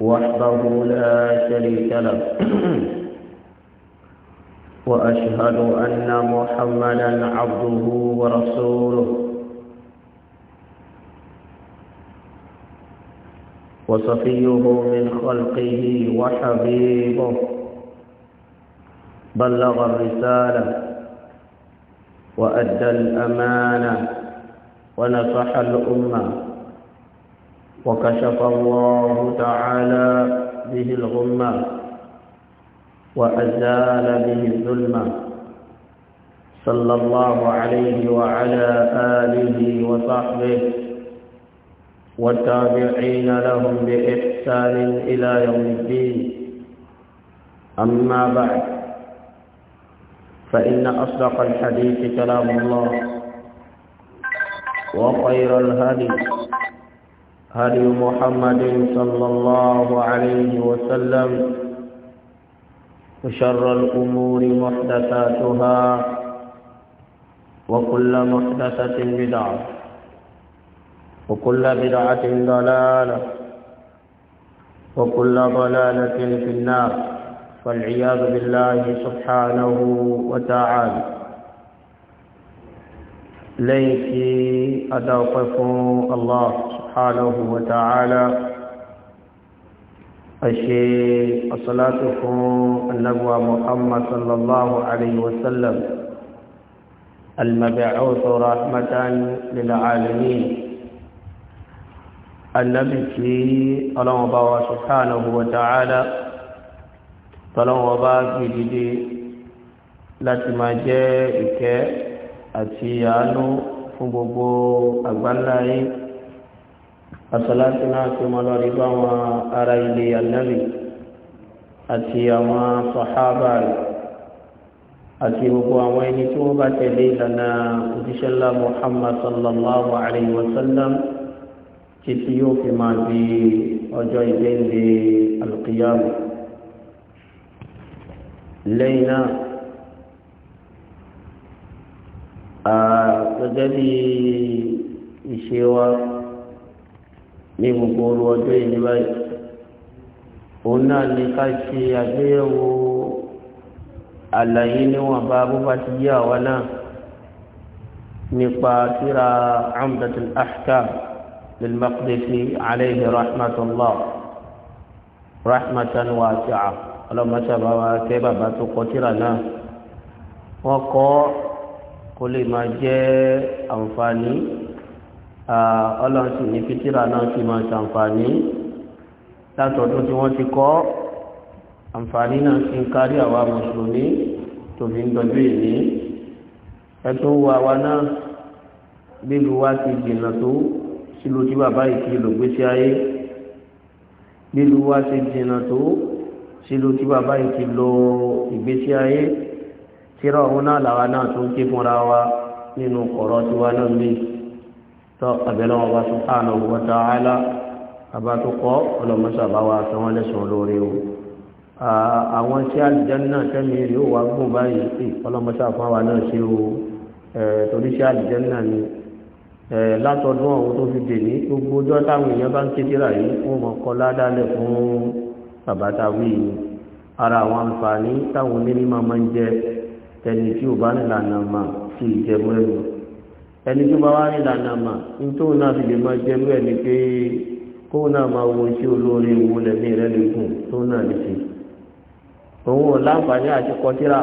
وحده لا شريك له وأشهد أن محمدا عبده ورسوله وصفيه من خلقه وحبيبه بلغ الرسالة وأدى الأمانة ونصح الأمة وكشف الله تعالى به الغمة وأزال به الظلمة صلى الله عليه وعلى آله وصحبه والتابعين لهم بإحسان إلى يوم الدين أما بعد فإن أصدق الحديث كلام الله وخير الهدي هدي محمد صلى الله عليه وسلم وشر الأمور محدثاتها وكل محدثة بدعة وكل بدعة ضلالة وكل ضلالة في النار والعياذ بالله سبحانه وتعالى ليكي أدوقف الله سبحانه وتعالى أشي الصلاة النبوة محمد صلى الله عليه وسلم المبعوث رحمة للعالمين النبي في الله سبحانه وتعالى tọ́lọ́wọ́ bá gbèdìde láti máa jẹ́ ìkẹ́ àti àánú fún gbogbo àgbáńlá yìí àsàlátì náà kí wọ́n lọ rí bá wọn ará ilé ànábì àti àwọn sàhábà rẹ̀ àti gbogbo àwọn ẹni tí wọ́n bá tẹ̀lé ìlànà òjíṣẹ́ ńlá Muhammad sallallahu alayhi wa sallam títí yóò fi máa di ọjọ́ ìgbéǹde alqiyama lẹ́yìn náà gẹ́gẹ́ bí ìṣe wa ní gbogbo òru ọjọ́ yìí ní báyìí òun náà ní ká ṣe àgbéyẹ̀wò àlàyé níwọ̀nba bó bá ti yé àwa náà nípa síra amdatul ahkam lilmaqdisi alayhi rahmatullah rahmatan wasi'a ọlọ́mọṣàbá wa kẹ́ bàbá tó kọ síra náà wọ́n kọ́ kó lè máa jẹ́ àǹfààní ọlọ́run ah, sì ní fítírà náà ti máa ṣàǹfààní látọ̀dún tí wọ́n ti kọ́ àǹfààní náà ti ń kárí àwa mùsùlùmí tó fi ń dọjú ìní ẹtún wo àwa náà bílù wa ti jìnnà tó sílùú tí bàbá yìí ti lò gbèsè ayé bílù wa ti jìnnà tó sílùú tí bàbá yìí ti lò ìgbésí ayé tíra òun náà làwa náà tó ń ké fúnra wa nínú kọ̀rọ̀ tiwa náà mìíràn tọ́ àbẹ̀lẹ̀ wọn bá subhanahu wa ta'ala àbá tó kọ́ ọlọ́mọṣà bá wa sọ wọn lẹ́sùn olóore o àwọn tí àlùjánnà tẹ́mi rí ó wá gùn báyìí pé ọlọ́mọṣà fún àwa náà ṣe o torí sí àlùjánnà ni látọdún ọ̀hún tó fi dè ní gbogbo ọjọ́ táwọn èèyàn bá ń ké tíra yìí wọ́n mọ̀ kọ́ ládàálẹ̀ fún bàbá táwí yìí ara àwọn àǹfààní táwọn onímọ̀ máa ń jẹ tẹni tí ò bá nílànà mà sí ìjẹmú ẹnu ẹni tó bá wá ní ìlànà mà nítorí náà fi lè máa jẹrú ẹ ni pé kó náà máa wo iṣẹ́ olóore wo lẹ́mí rẹ lè gùn tó náà lè ṣe òun ò láǹfààní àti kọtíra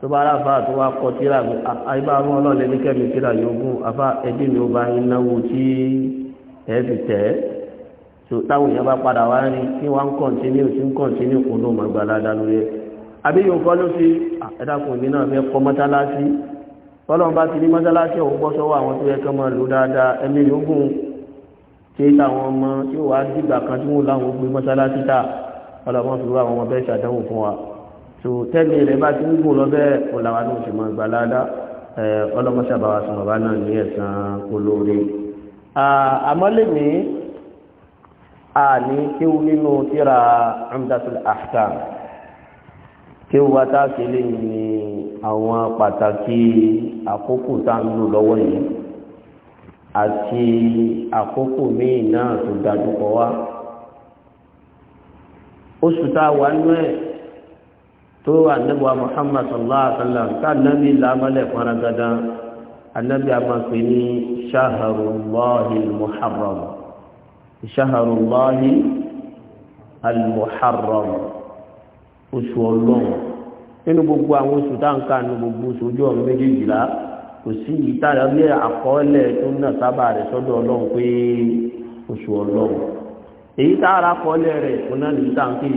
tó bá ráfa tó wá kọtíra àyíbá àwọn ọlọ́ọ̀lẹ́ ní kẹ́mi tíra yóò gùn afá ẹbí mi ó bá ń náwó tí ẹ fi tẹ̀ ẹ́ tó táwọn èèyàn bá padà wá ní kí wọ́n ń kọ̀ntínú tí ń kọ̀ntínú kò ló máa gbà ládàá lórí ẹ̀ àbí yòókọ́ ló fi ẹ̀dá fọ́lọ́n bá ti ní mọ́sálásí ọ̀hún bọ́ sọ́wọ́ àwọn tó yẹ kán máa lò dáadáa ẹ̀mí yógùn ṣe é táwọn ọmọ tí ó dìgbà kan tí wọ́n láwọn gbé mọ́sálásí ta ọlọ́mọ fi wá àwọn ọmọ bẹ́ẹ̀ ṣàdánwò fún wa tó tẹ́lẹ̀ rẹ̀ bá ti ń gùn lọ bẹ́ẹ̀ ọ̀làwà náà sì kí wọ́n tá a ṣe lè ní àwọn pàtàkì àkókò tá a ń lò lọ́wọ́ yìí àti àkókò míì náà tó dájú kọ wá oṣù tá a wà nú ẹ̀ tó ànábìwá Muhammad sallallahu alaihi wa sallam tá ànábì làmọ́lẹ̀ faragada ànábì àmàpè ní ṣaharullahi al-muharram ṣaharullahi al-muharram. oṣù ọlọ́run nínú gbogbo àwọn oṣù táǹkà nínú gbogbo oṣù ojú ọ̀run méjèèjìlá kò sí ìtara bí àkọọ́lẹ̀ tó náà sábà rẹ̀ sọ́dọ̀ ọlọ́run pé oṣù ọlọ́run èyí ara kọ́lẹ̀ rẹ̀ oná ní táǹkì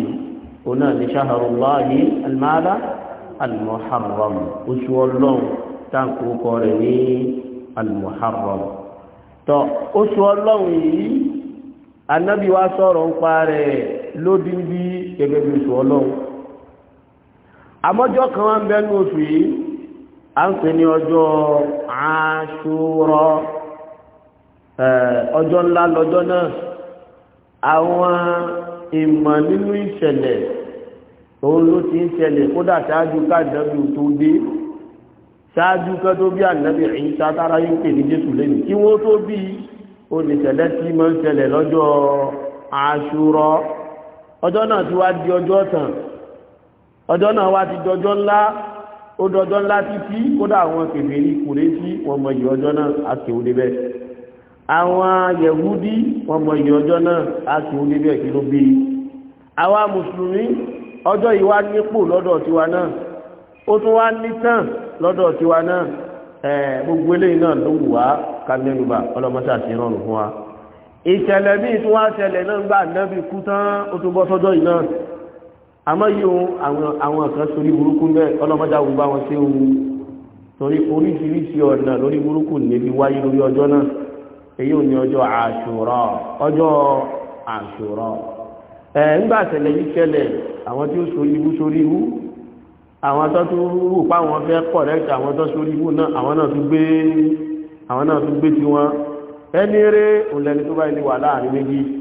oná ní oṣù ọlọ́run kọ́ àmọ́jọ́ kan wá ń bẹ́nu oṣù yìí a ń pè ní ọjọ́ Àṣúrà ọjọ́ ńlá lọ́jọ́ náà àwọn ìmọ̀ nínú ìṣẹ̀lẹ̀ òun ló ti ń ṣẹlẹ̀ kódà ṣáájú káàdàbí tó dé ṣáájú kan tó bí ànábì Ìsá tára yóò pè ní Jésù lẹ́nu kí wọ́n tó bí oníṣẹ̀lẹ̀ tí máa ń ṣẹlẹ̀ lọ́jọ́ Àṣúrà ọjọ́ náà ti wá di ọjọ́ tàn ọjọ́ náà wá ti dọjọ́ ńlá ó dọjọ́ ńlá títí kódà àwọn kèfèrí Kùrẹ́ṣì wọ́n mọ ìyí ọjọ́ náà a kì í débẹ̀ àwọn Yẹ̀húdí wọ́n mọ ìyí ọjọ́ náà a kì í débẹ̀ kí ló bí àwa mùsùlùmí ọjọ́ yìí wá nípò lọ́dọ̀ tiwa náà ó tún wá nítàn lọ́dọ̀ tiwa náà gbogbo eléyìí náà ló wù wá kámẹ́nuba ọlọ́mọṣà sí rọrùn fún wa ìṣẹ̀lẹ̀ míì tún wá ṣẹlẹ̀ náà gbà nẹ́bí kú tán ó tún bọ́ sọ́jọ́ yìí náà àmọ́ yíò àwọn kan sórí burúkú bẹ́ẹ̀ ọlọ́mọdé àwọn bá wọn ṣe ohun torí oríṣiríṣi ọ̀nà lórí burúkú níbi wáyé lórí ọjọ́ náà èyí ò ní ọjọ́ àṣùrà ọjọ́ àṣùrà ẹ̀ ńgbà tẹ̀lẹ̀ yìí àwọn tí ó sórí ibú sórí ibú àwọn tó tó rú pa àwọn fẹ́ àwọn tó sórí náà àwọn gbé àwọn náà gbé tiwọn ẹni òǹlẹ́ni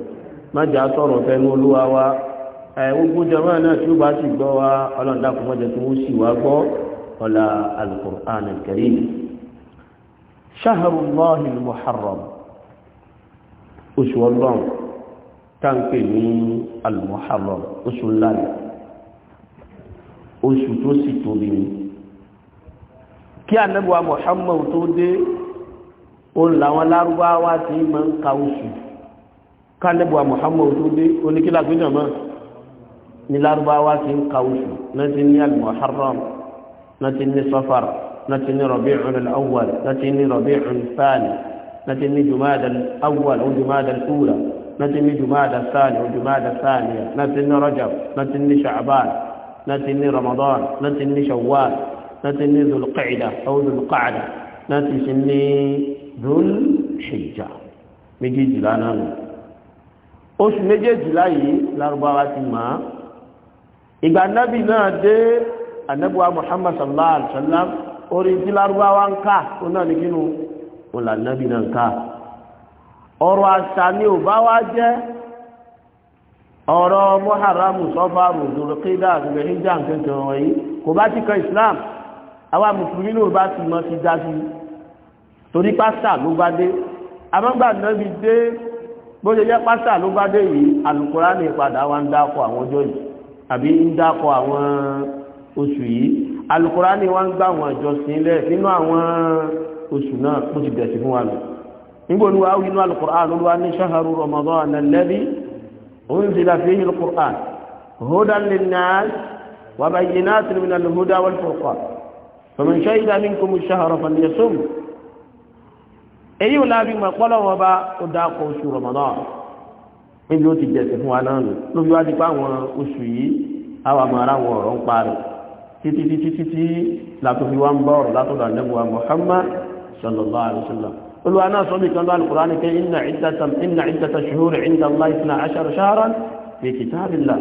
májà sọ̀rọ̀ fẹ́nu olúwa wa gbogbo jama náà tí ó bá sì gbọ́ wa ọlọ́run dákun mọ́jẹ tí wọ́n sì wá gbọ́ ọ̀la al-Qur'an al-Karim shahrullahi al-muharram oṣù ọlọ́run táǹpé kálẹ́bùwà muhammadu tó dé oníkílà tó jàmá ní lárúbáwá ti ń ka oṣù náà ti ní al-muharram náà ti ní safar náà ti ní rabi'un al-awwal náà ti ní rabi'un thani náà ti ní jumada al-awwal o jumada al-ula náà ti ní jumada thani o jumada thaniya náà ti ní rajab náà ti ní sha'ban náà ti ní ramadan náà ti ní shawwal náà ti ní zulqa'da aw zulqa'da náà ti ní zulhijja méjìjìlá náà oṣù méjèèjìlá yìí lárúbáwá ti mọ̀ á ìgbà nábì náà dé anábíwá muhammad sallallahu alaihi wasallam orí tí lárúbáwá ń ká ó náà ní kínú wọn là nábì náà ń ká ọ̀rọ̀ àṣà ni ò bá wá jẹ́ ọ̀rọ̀ muharramu sọ́fàrù dùrùkídà àgbẹ̀híjà nǹkan wọ̀nyí kò bá ti kan islam àwa mùsùlùmí ló bá ti mọ̀ sí dájú torí pásítà ló bá dé àmọ́gbà náà dé bó ṣe jẹ́ pásítà ló bá dé yìí alukurani padà wá ń dákọ̀ àwọn ọjọ́ yìí àbí ń dákọ̀ àwọn oṣù yìí alukurani wá ń gbá àwọn ìjọsìn lẹ̀ nínú àwọn oṣù náà bó ti bẹ̀rẹ̀ sí fún wa lọ. nígbà olúwa wí inú alukurani olúwa ní ṣaharu ramadan alladhi unzila fihi alukurani hudan linnas wa bayyinatin minal huda wal furqan faman shahida minkum ash-shahra falyasum èyí ò lábí mọ̀ pọ́lọ́wọ́n bá ó dákọ̀ oṣù Ramadan níbi ó ti jẹ̀sẹ̀ fún wa náà lò lóbi wá di pa àwọn oṣù yìí àwọn àmọ́ ara wọn ọ̀rọ̀ ń parẹ́ títí títí títí látò fi wá ń bá ọ̀rọ̀ látọ̀dọ̀ àdẹ́gbọ̀wá Muhammad sallallahu alaihi wasallam olùwà náà sọ nìkan lọ Al-Qur'an kẹ́ inna iddatash inna iddatash shuhuri inda Allahi isna ashara shahran fi kitabillah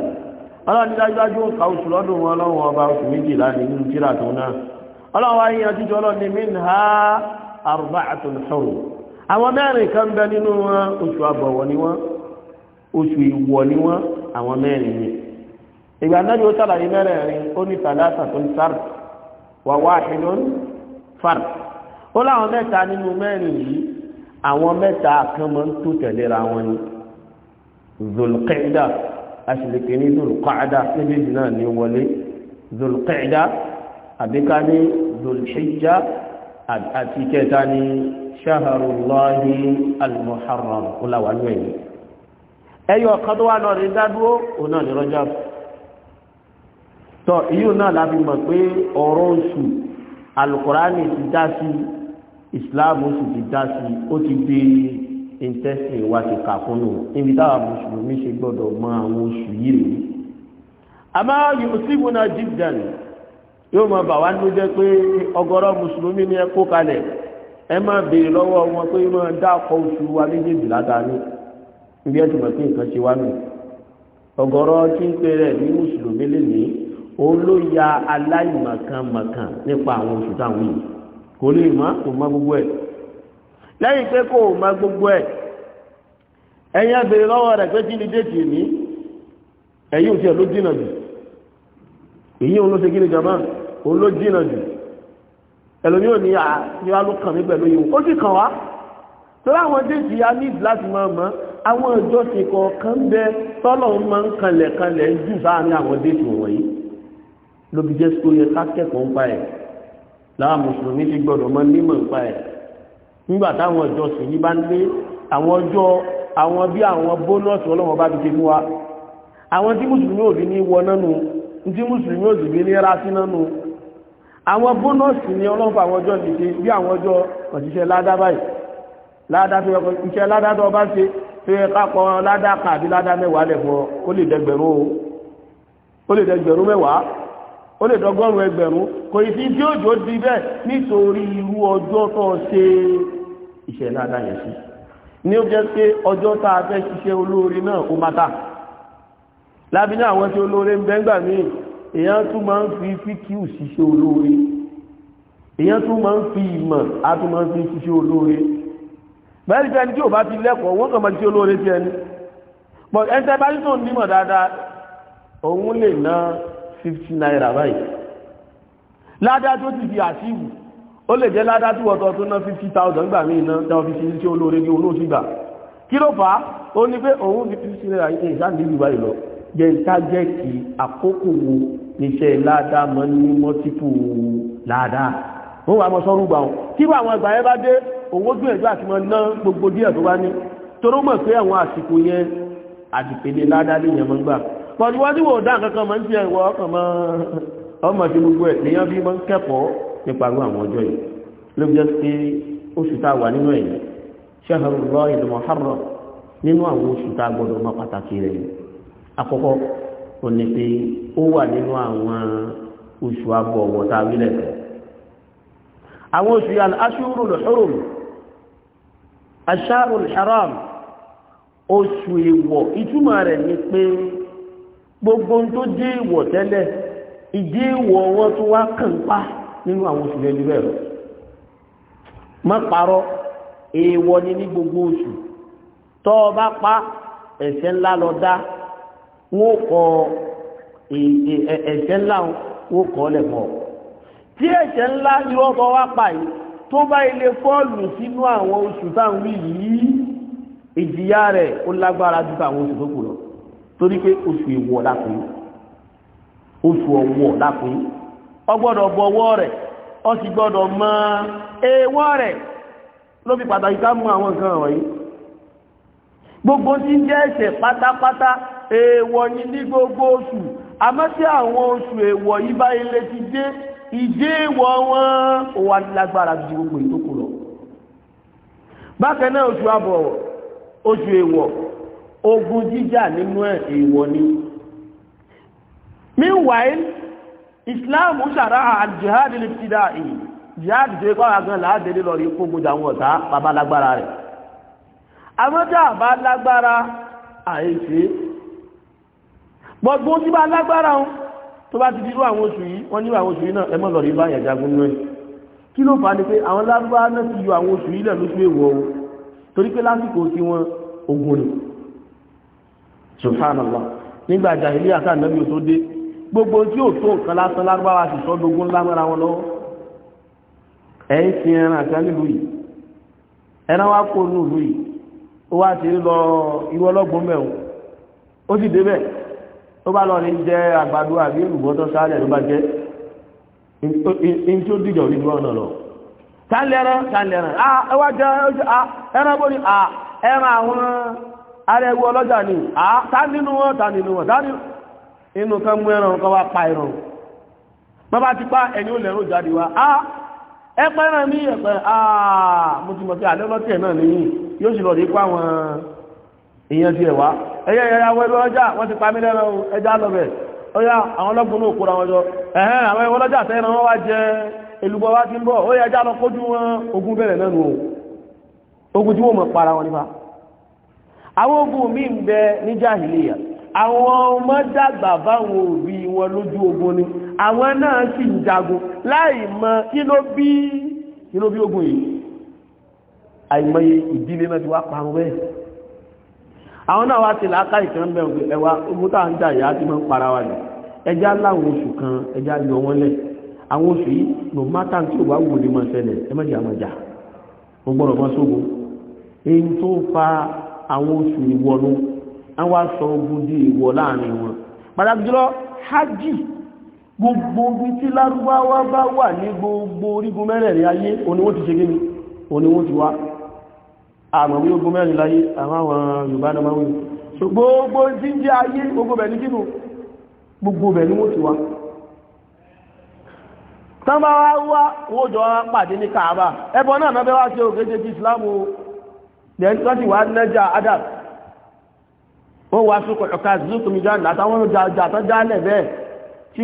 ọlọ́run dájúdájú ọkà oṣù lọ́dún wọn ọlọ́run ọba oṣù méjìlá nínú tíra tó náà ọlọ́run wáyé ọdíjọ́ ọlọ́run ní minha arba'atun hurum àwọn mẹ́rin kan bẹ nínú wọn oṣù àbọ̀wọ̀ ni wọ́n oṣù ìwọ̀ ni wọ́n àwọn mẹ́rin ni ìgbà náà yóò sàlàyé mẹ́rẹ̀ẹ̀rin ó ní thalathatun sard wa wahidun fard ó láwọn mẹ́ta nínú mẹ́rin yìí àwọn mẹ́ta kan máa ń tó tẹ̀léra wọn ni zulqaida aṣèlékè ní zulqaida méjèèjì náà ní wọlé zulqaida àbíká ní zulhijja àti kẹta ní ṣaharullahi al-muharram kúláwà ní ẹ̀yìn ẹyọ ọ̀kan tó wà náà rí dádúró ò náà ní Rajab tọ ìyóò náà láti mọ̀ pé ọ̀rọ̀ oṣù alukurani ti dá sí islam oṣù ti dá sí ó ti di intestine wa ti kàkúnnù níbi táwọn mùsùlùmí ṣe gbọ́dọ̀ mọ àwọn oṣù yìí rèé àmọ́ yìí ó sì yóò máa bà wá ní jẹ́ pé ọgọrọ mùsùlùmí ni ẹ kó kalẹ̀ ẹ máa béèrè lọ́wọ́ wọn pé máa dá oṣù wa méjèèjì látàánú ibi ẹ ti mọ̀ pé nǹkan ṣe wá nù ọ̀gọ̀rọ̀ tí ń pè rẹ̀ ní mùsùlùmí lèmi òun ya nípa àwọn oṣù táwọn yìí kò lè má kò mọ gbogbo pé kò gbogbo òun ló jìnà jù ẹlòmí ò ní àyíwá ló kàn mí pẹ̀lú yìí ó sì kàn wá tó láwọn déètì ya ní láti máa mọ́ àwọn ìjọsìn kọ̀ọ̀kan bẹ tọ́lọ̀ máa ń kanlẹ̀ kanlẹ̀ ń jù sáàrin àwọn déètì wọ̀nyí lóbi jẹ́ sọ yẹ kákẹ́kọ̀ọ́ ń pa ẹ̀ láwọn mùsùlùmí ti gbọ́dọ̀ mọ nímọ̀ ń pa ẹ̀ nígbà táwọn ìjọsìn yìí bá ń lé àwọn ọjọ́ àwọn bí àwọn bónọ́ọ̀sì ọlọ́wọ́n bá ti ti mú wa àwọn tí mùsùlùmí ò àwọn bónọ́ọ̀sì ni ọlọ́run fún àwọn ọjọ́ dìde bí àwọn ọjọ́ òṣìṣẹ́ ládá báyìí ládá tó yẹ iṣẹ́ ládá tó bá ṣe tó yẹ kápọ̀ ládá kan àbí ládá mẹ́wàá lẹ̀ fún ọ ó lè dẹgbẹ̀rún o ó lè dẹgbẹ̀rún mẹ́wàá ó lè dọgọ́rùn ẹgbẹ̀rún kò ì sí tí òjò di bẹ́ẹ̀ nítorí irú ọjọ́ tó ṣe iṣẹ́ ládá yẹn sí ní ó jẹ́ pé ọjọ́ tá a fẹ́ ṣiṣẹ́ olóore náà ó má ta lábínú èyàn tún máa ń fi fíkíù ṣiṣẹ́ olóore èyàn tún máa ń fi ìmọ̀ a tún máa ń fi ṣiṣẹ́ olóore bẹ́ẹ̀ ni tẹ́ni tí ò bá ti lẹ́kọ̀ọ́ wọ́n kàn máa ṣiṣẹ́ olóore tí ẹni but ẹni tẹ́ bá ní tó nímọ̀ dáadáa òun lè ná fifty naira báyìí ládá tó ti di àṣìwù ó lè jẹ́ ládá tí wọ́tọ̀ tó ná fifty thousand gbà mí iná tẹ́wọ́n fi ṣiṣẹ́ olóore ní olóòtú gbà kí ló fà á ó ní pé òun fi fifty naira yìí ní ìsáǹdì báyìí lọ jẹ́ tájẹ́kì àkókò wo níṣẹ́ ládàá mọ́ ní mọ́típù ládàá wọ́n wà mọ́ sọ́rùgbà wọn kí wọ́n àwọn ìgbà yẹn bá dé owó gbìyànjú àti mọ́ ná gbogbo díẹ̀ tó bá ní toró mọ̀ pé àwọn àsìkò yẹn àdìpele ládàá lèèyàn mọ́ gbà pọ̀jù wọ́n tí wò dá nǹkan kan mọ́ ń tiẹ̀ wọ́ ọkàn mọ́ ọmọ tí gbogbo ẹ̀ lèèyàn bí mọ́ ń kẹ́kọ̀ọ́ nípa irú àwọn ọjọ́ yìí ló jẹ́ pé oṣù tá a wà nínú ẹ̀yìn ṣẹ́hàn lọ́ ìlú mọ̀hárọ̀ nínú àwọn oṣù tá a gbọ́dọ̀ mọ́ pàtàkì rẹ̀ yìí àkọ́kọ́ ò ní pé ó wà nínú àwọn oṣù abọ̀wọ̀ tá a wí lẹ́kọ̀ọ́ àwọn oṣù yàrá aṣúrò lòṣòrò aṣáàrò haram oṣù èèwọ̀ ìtumọ̀ rẹ̀ ni pé gbogbo ohun tó dé èèwọ̀ tẹ́lẹ̀ ìdí èèwọ̀ wọn tó wá kàn nínú àwọn oṣù lẹ́nu bẹ́ẹ̀ má parọ́ èèwọ̀ ni ní gbogbo oṣù tọ́ ọ bá pa ẹ̀ṣẹ̀ ńlá lọ dá wọ́n kọ ẹ̀ṣẹ̀ ńlá wọ́n kọ́ lẹ̀ pọ̀ tí ẹ̀ṣẹ̀ ńlá ni wọ́n kọ́ wá pa yìí tó bá ilé fọ́ọ̀lù sínú àwọn oṣù táwọn yìí ìjìyà rẹ̀ ó lágbára ju àwọn oṣù tó kù lọ torí pé oṣù ìwọ̀ lápẹ́ oṣù ọ̀wọ̀ lápẹ́ ó gbọ́dọ̀ bọ̀wọ́ rẹ̀ ó sì gbọ́dọ̀ mọ èèwọ̀ rẹ̀ ló fi pàtàkì ká mú àwọn nǹkan wọ̀nyí gbogbo tí ń jẹ́ ẹ̀ṣẹ̀ pátápátá èèwọ̀ ni ní gbogbo oṣù àmọ́ tí àwọn oṣù èèwọ̀ yìí bá ilé ti dé ìdé èèwọ̀ wọn ò wà lágbára ju gbogbo ìdókòó lọ. bákan náà oṣù àbọ̀ oṣù èèwọ̀ ogun jíjà nínú ẹ̀ èèwọ̀ ni. meanwhile islam ṣàrà àjihad lè ti dà èyí jihad tó kọ́ àgàn láàdédé lọ rí kógun jàwọn ọ̀tá bàbá lágbára rẹ̀. àmọ́ tá a lágbára àìsí gbogbo tí bá lágbára ohun tó bá ti dirú àwọn oṣù yìí wọ́n ní àwọn oṣù yìí náà ẹmọ́ lọ rí bá yẹn jagun náà kí ló fà ní pé àwọn lárúbá náà ti yọ àwọn oṣù yìí lẹ̀ lóṣù èwọ̀ o torí pé lásìkò tí wọ́n ogun ni subhanallah nígbà jàhìlì àtà nàbí tó dé gbogbo tí ò tó nǹkan lásán lárúbá wa sì sọ dogun lámọ́ra wọn lọ́wọ́ ẹ̀ ń sin ẹran àti nílùú yìí ẹran wa kó nílùú yìí ó wá ti lọ ìwọlọ́gbọ̀n mẹ́wọ̀n ó sì débẹ̀ tó bá lọ ní jẹ́ àgbàdo àbí olùgbọ́ tó sálẹ̀ ló bá jẹ́ in tí ó dìjọ ní gbọ́n náà lọ tánlẹ̀rán tánlẹ̀rán ah, ẹwà jẹ́ ah, ẹran bó ní ah, ẹran àwọn arẹwu ọlọ́jà ní tánínú wọn tánínú wọn tánínú inú kan mú ẹran kan wá pa ẹran bàbá ti pa ẹni ó lẹ́rùn jáde wá ẹpẹ́ràn mí ẹpẹ́ àà mo ti mọ̀ sí alẹ́ lọ́tẹ̀ náà nìyí yóò sì lọ rí pa wọn ìyẹn ti ẹ̀wá ẹ̀yẹ ẹ̀yẹ àwọn ẹgbẹ́ ọjà wọ́n ti pàmí lẹ́nu ẹja lọ́bẹ̀ ọyá àwọn ọlọ́gbọ̀n náà kóra wọn jọ ẹ̀hẹ́n àwọn ẹgbẹ́ ọlọ́jà tẹ́ẹ̀nà wọ́n wá jẹ èlùbọ̀ wá ti ń bọ̀ ó yẹ ẹja lọ kójú wọn ogun bẹ̀rẹ̀ lẹ́nu ogun tí wọ́n mọ̀ para wọn nípa àwọn ogun mi ń bẹ ní jahiliya àwọn ọmọ dàgbà báwọn òbí wọn lójú ogun ni àwọn náà sì ń jagun láì mọ kí bí kí bí ogun yìí àìmọye ìdílé náà ti wá parun bẹ́ẹ̀ àwọn náà wá ti láàká ìkan bẹ̀ ẹwà ogun tàà ń jà ìyá tí mọ́ ń para wa lẹ̀ ẹjá láwọn oṣù kan ẹjá yọ wọ́n lẹ̀ àwọn oṣù yìí no matter tí ò bá wò lè mọ̀ ṣẹlẹ̀ ẹ mọ́jà mọ́jà mo gbọ́dọ̀ mọ́ sógun èyí tó fa àwọn oṣù ìwọ̀nù wọ́n wá sọ ogun di ìwọ̀ láàrin wọn pàtàkì jùlọ hajj gbogbo ibi tí lárúbáwá bá wà ní gbogbo orígun mẹ́rẹ̀ẹ̀rin ayé òní wọ́n ti ṣe gẹ́ni òní wọ́n ti wá àmọ̀ bí ogun mẹ́rin láyé àwọn Yorùbá náà máa ń so gbogbo tí ń jẹ́ ayé gbogbo bẹ̀ ní kínú gbogbo bẹ̀ ní wọ́n ti wá tán bá wá wá wó jọ pàdé ní Kaaba ẹbọ náà náà bẹ́ wá ṣe òkèjì ti Islam o lẹ́yìn tó ti wá nẹ́jà adab ó wá sókò ọ̀ka zúkùnmí jáde àtàwọn ọjà tó jálẹ̀ bẹ́ẹ̀ tí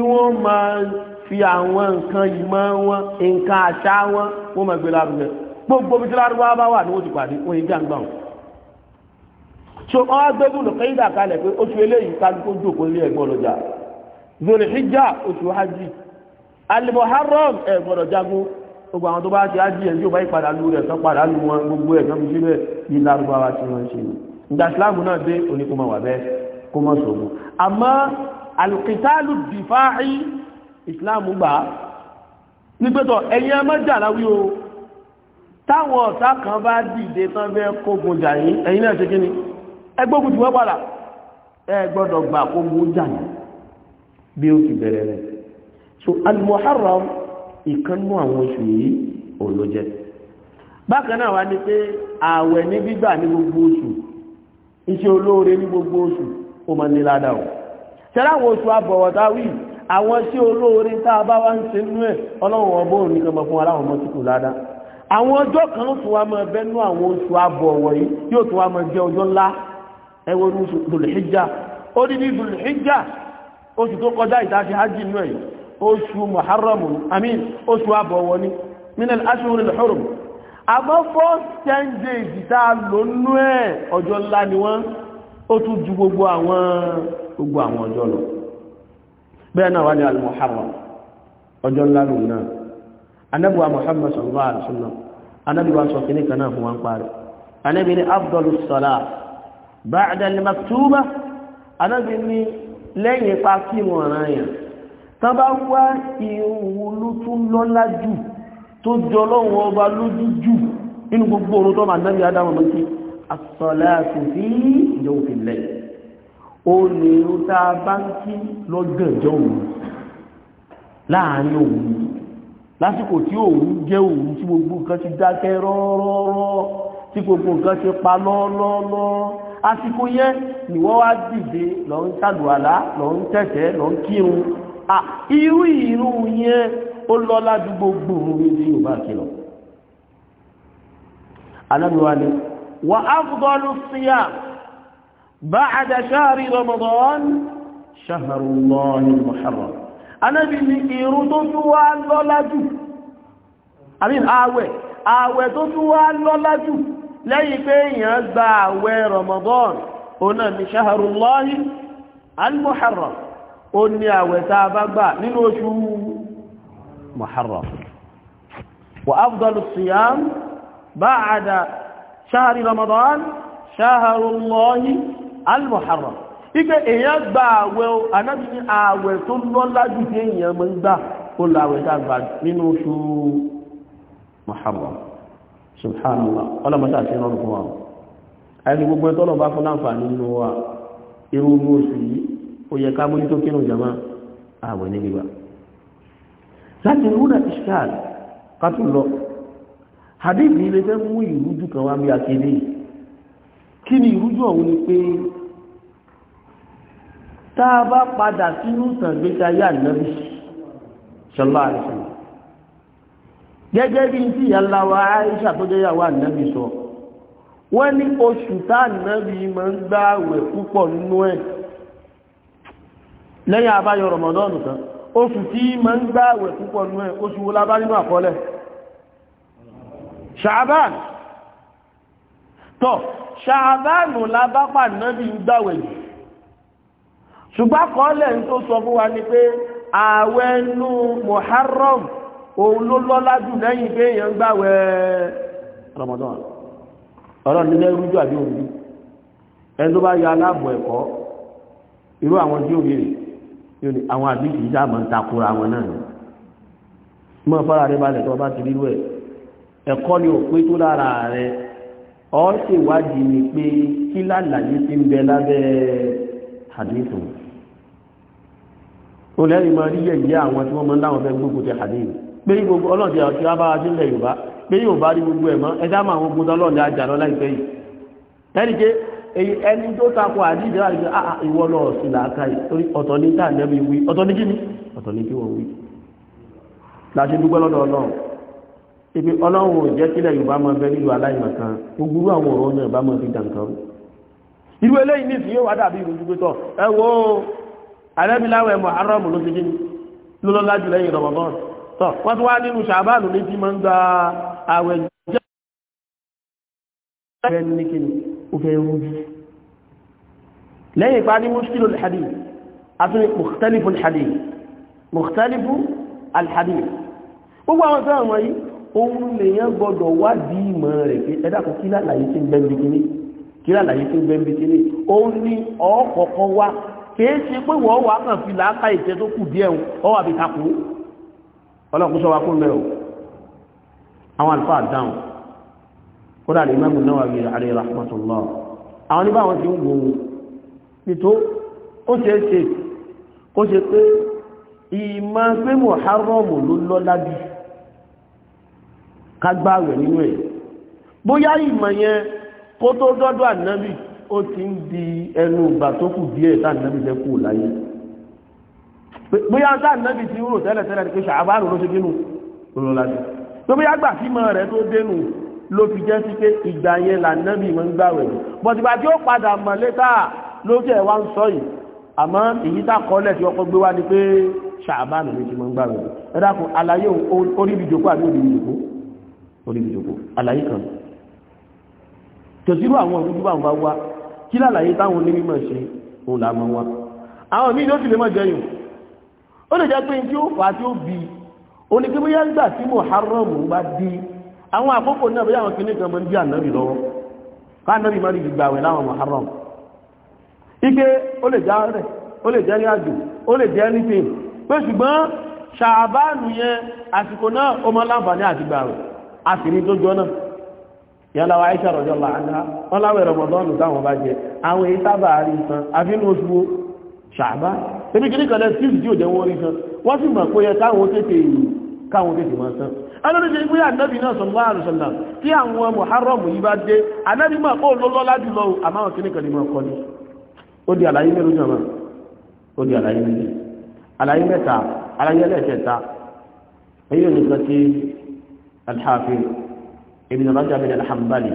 gbogbo bí tíláàrúwá bá wà ní wọ́n ti pàdé wọ́n yìí jàǹgbà wọn. so wọ́n á gbé bùnú kéyìdà kalẹ̀ pé oṣù eléyìí kálukú jòkó ilé ẹ̀gbọ́n lọ́jà zolihijja oṣù hajj alimuharram ẹ̀gbọ́n lọ́jàgún gbogbo àwọn tó bá ti hajj ẹ̀jú bá ìpadà lu rẹ̀ sán padà lu wọn gbogbo ẹ̀ sán fi síbẹ̀ ní lárúbáwá tí wọ́n ṣe nígbẹ́tọ̀ ẹ̀yin amájà láwí o táwọn ọ̀tá kan bá dìde tán bẹ́ kógun jà yín ẹ̀yin náà ṣe kí ni ẹgbógun tí wọ́n padà ẹ gbà kógun jà yín bí ó ti bẹ̀rẹ̀ rẹ̀ so al-muharram ìkánú àwọn oṣù yìí ò ló jẹ́ bákan náà wá ní pé ààwẹ̀ ní gbígbà ní gbogbo oṣù iṣẹ́ olóore ní gbogbo oṣù ó máa ní ládàá o tẹ́lá àwọn oṣù abọ̀wọ̀ta wí àwọn iṣẹ́ olóore tá a bá wá ń ṣe nú ẹ̀ ọlọ́run ọgbọ́n ò mọ̀ fún aláwọ̀ mọ́tìkù ládàá àwọn ọjọ́ kan tún wá máa bẹ́nu àwọn oṣù àbọ̀ wọ̀nyí yóò tún wá máa jẹ́ ọjọ́ ńlá ẹwọ́n ní oṣù dùlùhíjà ó ní ní dùlùhíjà oṣù tó kọjá ìdáṣe hajj inú ẹ̀ oṣù muharramu amin oṣù àbọ̀ wọ̀nyí minal ashhur al-hurum àmọ́ first ten days tá a lò nú ẹ̀ ọjọ́ ńlá ni wọ́n ó tún ju gbogbo àwọn gbogbo àwọn ọjọ́ lọ bẹ́ẹ̀ náà wá ní al-muharram ọjọ́ ńlá lòun náà Ànábì wa Muhammad sallallahu alaihi wasallam Ànábì wa sọ kini kana hu an pare Ànábì ní afdalus salat ba'da al-maktuba Ànábì ní lẹ́yìn pa kí wọ́n ran yan tán bá wá ìwúlú tún lọ́lá jù tó jọ lọ́wọ́ ọba lójú jù nínú gbogbo orun tó máa nábi adáwọn mọ́kí as-salatu fi jawfil layl ó ní ó tá a bá ń kí lọ́gànjọ́ òun láàárín òun lásìkò tí òun jẹ́ òun tí gbogbo nǹkan ti dákẹ́ rọ́rọ́rọ́ tí gbogbo nǹkan ti pa lọ́lọ́lọ́ àsìkò yẹn ni wọ́n wá dìde lọ ń ṣàlùwàlá lọ ń tẹ̀tẹ̀ lọ ń kírun à irú ìrun yẹn ó lọ ládùúgbò gbòòrò méjì yóò bá kìlọ̀ bá àdàṣáàrí Ramadan anábì ní ìrun tó tún wá lọ́lá jù àmì àwẹ̀ àwẹ̀ tó tún wá lọ́lá jù lẹ́yìn pé èèyàn gba àwẹ̀ Ramadan ọ̀nà ní ṣaharullahi al-muharram ó ní àwẹ̀ tá a bá gbà nínú oṣù muharram wa afdalu siyam ba'da shahri Ramadan ṣaharullahi al-muharram ipe èèyàn gba àwẹ̀ o ànábi ní àwẹ̀ tó lọ́lá jù tí èèyàn máa ń gbà ó la àwẹ̀ tá a gbà nínú oṣù Muharram subhanallah ọlọ́mọdé àti ìrọ̀rùn fún wa àyẹ̀lú gbogbo ẹ̀tọ́ lọ́ba fún láǹfààní nínú wa irú inú oṣù yìí ó yẹ ká mójútó kírun jama àwẹ̀ ní gbígbà láti rúnà iskal kátó lọ hadith ilé fẹ́ mú ìrújú kan wá bí akéde kí ni ìrújú ọ̀hún ni pé tá a bá padà sínú ìtàgbésí ayé ànábì sọlá àìsàn gẹ́gẹ́ bí ti ìyàlá wa Aisha tó jẹ́ ìyàwó ànábì sọ wọ́n ní oṣù tá ànábì máa ń gbá àwẹ̀ púpọ̀ nínú ẹ̀ lẹ́yìn àbáyọ rọmọdọ́nù tán oṣù tí máa ń gbá àwẹ̀ púpọ̀ nínú ẹ̀ oṣù wo bá nínú àkọọ́lẹ̀ ṣàbán tọ̀ ṣàbánù la bá pàdánù bí ń gbáwẹ̀ yìí ṣùgbọ́n kọ́lẹ̀ ń tó sọ fún wa ni pé ààwẹ̀ nú Muharram òun ló lọ́lá jù lẹ́yìn pé èèyàn gbàwẹ̀ Ramadan ọ̀rọ̀ nílẹ̀ rújú àbí òbí ẹni tó bá yọ aláàbọ̀ ẹ̀kọ́ irú àwọn tí ó rí rè àwọn àbí kìí sáàmù ń takora àwọn náà mọ́ fara rẹ balẹ̀ tó bá ti rírú ẹ̀ ẹ̀kọ́ ni ò pé tó lára rẹ ọ́ ṣèwádìí ni pé kí lálàyé ti ń bẹ lábẹ́ àdéhùn olẹ́rìí máa rí yẹ̀yẹ́ àwọn tí wọ́n máa ń dáwọn fẹ́ gbogbo ti hadith pé gbogbo ọlọ́dẹ ọ̀tí wá bá wájú ilẹ̀ yorùbá pé yóò bá rí gbogbo ẹ̀ mọ́ ẹ̀dá máa wọn gbogbo ọlọ́dẹ ajá lọ láìpẹ́ yìí ẹni pé ẹni tó àdídẹ́ àà ah, ah, ìwọ lọ sí làákà yìí ọ̀tọ̀ ní tá ànẹ́bí wí ọ̀tọ̀ ní kíni ọ̀tọ̀ ní kí wọ́n wí dúpẹ́ lọ́dọ̀ ọlọ́run ibi ọlọ́run ò alẹ́bíláwẹ̀ Muharram ló ti gíní lọ́lọ́lá jù lẹ́yìn Ramadan tọ́ wọ́n tó wá nínú ṣàbánù ní tí ma ń gba àwẹ̀ jẹ́ ẹgbẹ́ ní kíni ó fẹ́ rújú lẹ́yìn ìparí mushkilul hadith àtúnni mukhtalifu alhadith mukhtalifu alhadith gbogbo àwọn tó àwọn yìí ohun lèyàn gbọdọ̀ wádìí ìmọ̀ rẹ̀ pé ẹ̀dá kò kí lálàyé tí ń bẹ́ẹ̀ òun ni ọ̀ọ́kọ̀ọ̀kan wá kìí ṣe pé wọ́n wà kàn fi làákà ìtẹ́ tó kù díẹ̀ ọ wà bí takò ọlọ́kùn sọ wa kó mẹ́rọ àwọn àlùfáà dáhùn kódà lè mẹ́mù náà wàgbé àrẹ rahmatullah àwọn níbà wọn ti ń wò nító ó ṣe é ṣe kó ṣe pé ìmọ̀ pé muharram ló lọ́lá bí kágbáwẹ̀ nínú ẹ̀ bóyá ìmọ̀ yẹn kó tó dọ́dọ̀ ànábì ó ti ń di ẹnu ìgbà tó kù díẹ̀ táàdínàbì fẹ́ kú láyé bóyá táàdínàbì ti rò tẹ́lẹ̀tẹ́lẹ̀ ni pé ṣàbáàrò ló ṣe kínú ló láti tó bóyá gbà sí mọ́ rẹ̀ tó dénú ló fi jẹ́ sí pé ìgbà yẹn lànàbì mọ́ ń gbàwẹ̀ bọ̀tìgbà tí ó padà mọ̀ létà ló jẹ́ wá ń sọ yìí àmọ́ èyí tá kọ́lẹ̀ tí ọkọ̀ gbé wá ní pé ṣàbáàrò ló ti mọ́ ń gbàwẹ̀ ẹ dákun àlàyé oríbìjòkó àbí oríbìjòkó kí lálàyé táwọn onímọ̀ ṣe òun làmọ́ wa àwọn míì ló sì lè mọ̀ jẹyùn ó lè jẹ́ pé tí ó fà tí ó bí o ní pé bóyá ń gbà tí Muharram bá dé àwọn àkókò náà bóyá àwọn kìíní kan mọ́ ń bí ànábì lọ́wọ́ ká ànábì má rí gbàwẹ̀ láwọn Muharram ike ó já rẹ̀ ó lè jẹ́ ní àjò ó lè jẹ́ ní pé pé ṣùgbọ́n ṣàbánu yẹn àsìkò náà yálà wa Aisha radiyallahu anha wọ́n láwẹ̀ Ramadan táwọn bá jẹ àwọn èyí sábà rí san àfínú oṣù wo ṣàbá ebi kìíní kan lẹ́sí ìdí òjẹ́ wọ́n rí san wọ́n sì mọ̀ pé yẹ káwọn tètè káwọn tètè máa san alóríṣẹ́ ìpínlẹ̀ ànábì náà sallallahu alaihi wasallam tí àwọn Muharram yìí bá dé ànábì máa kó lọ́lọ́lá jùlọ àmáwọn kìíní kan ní máa kọ́ ni ó di àlàyé mẹ́rin jọ̀mọ́ ibn rajab bin al-hanbali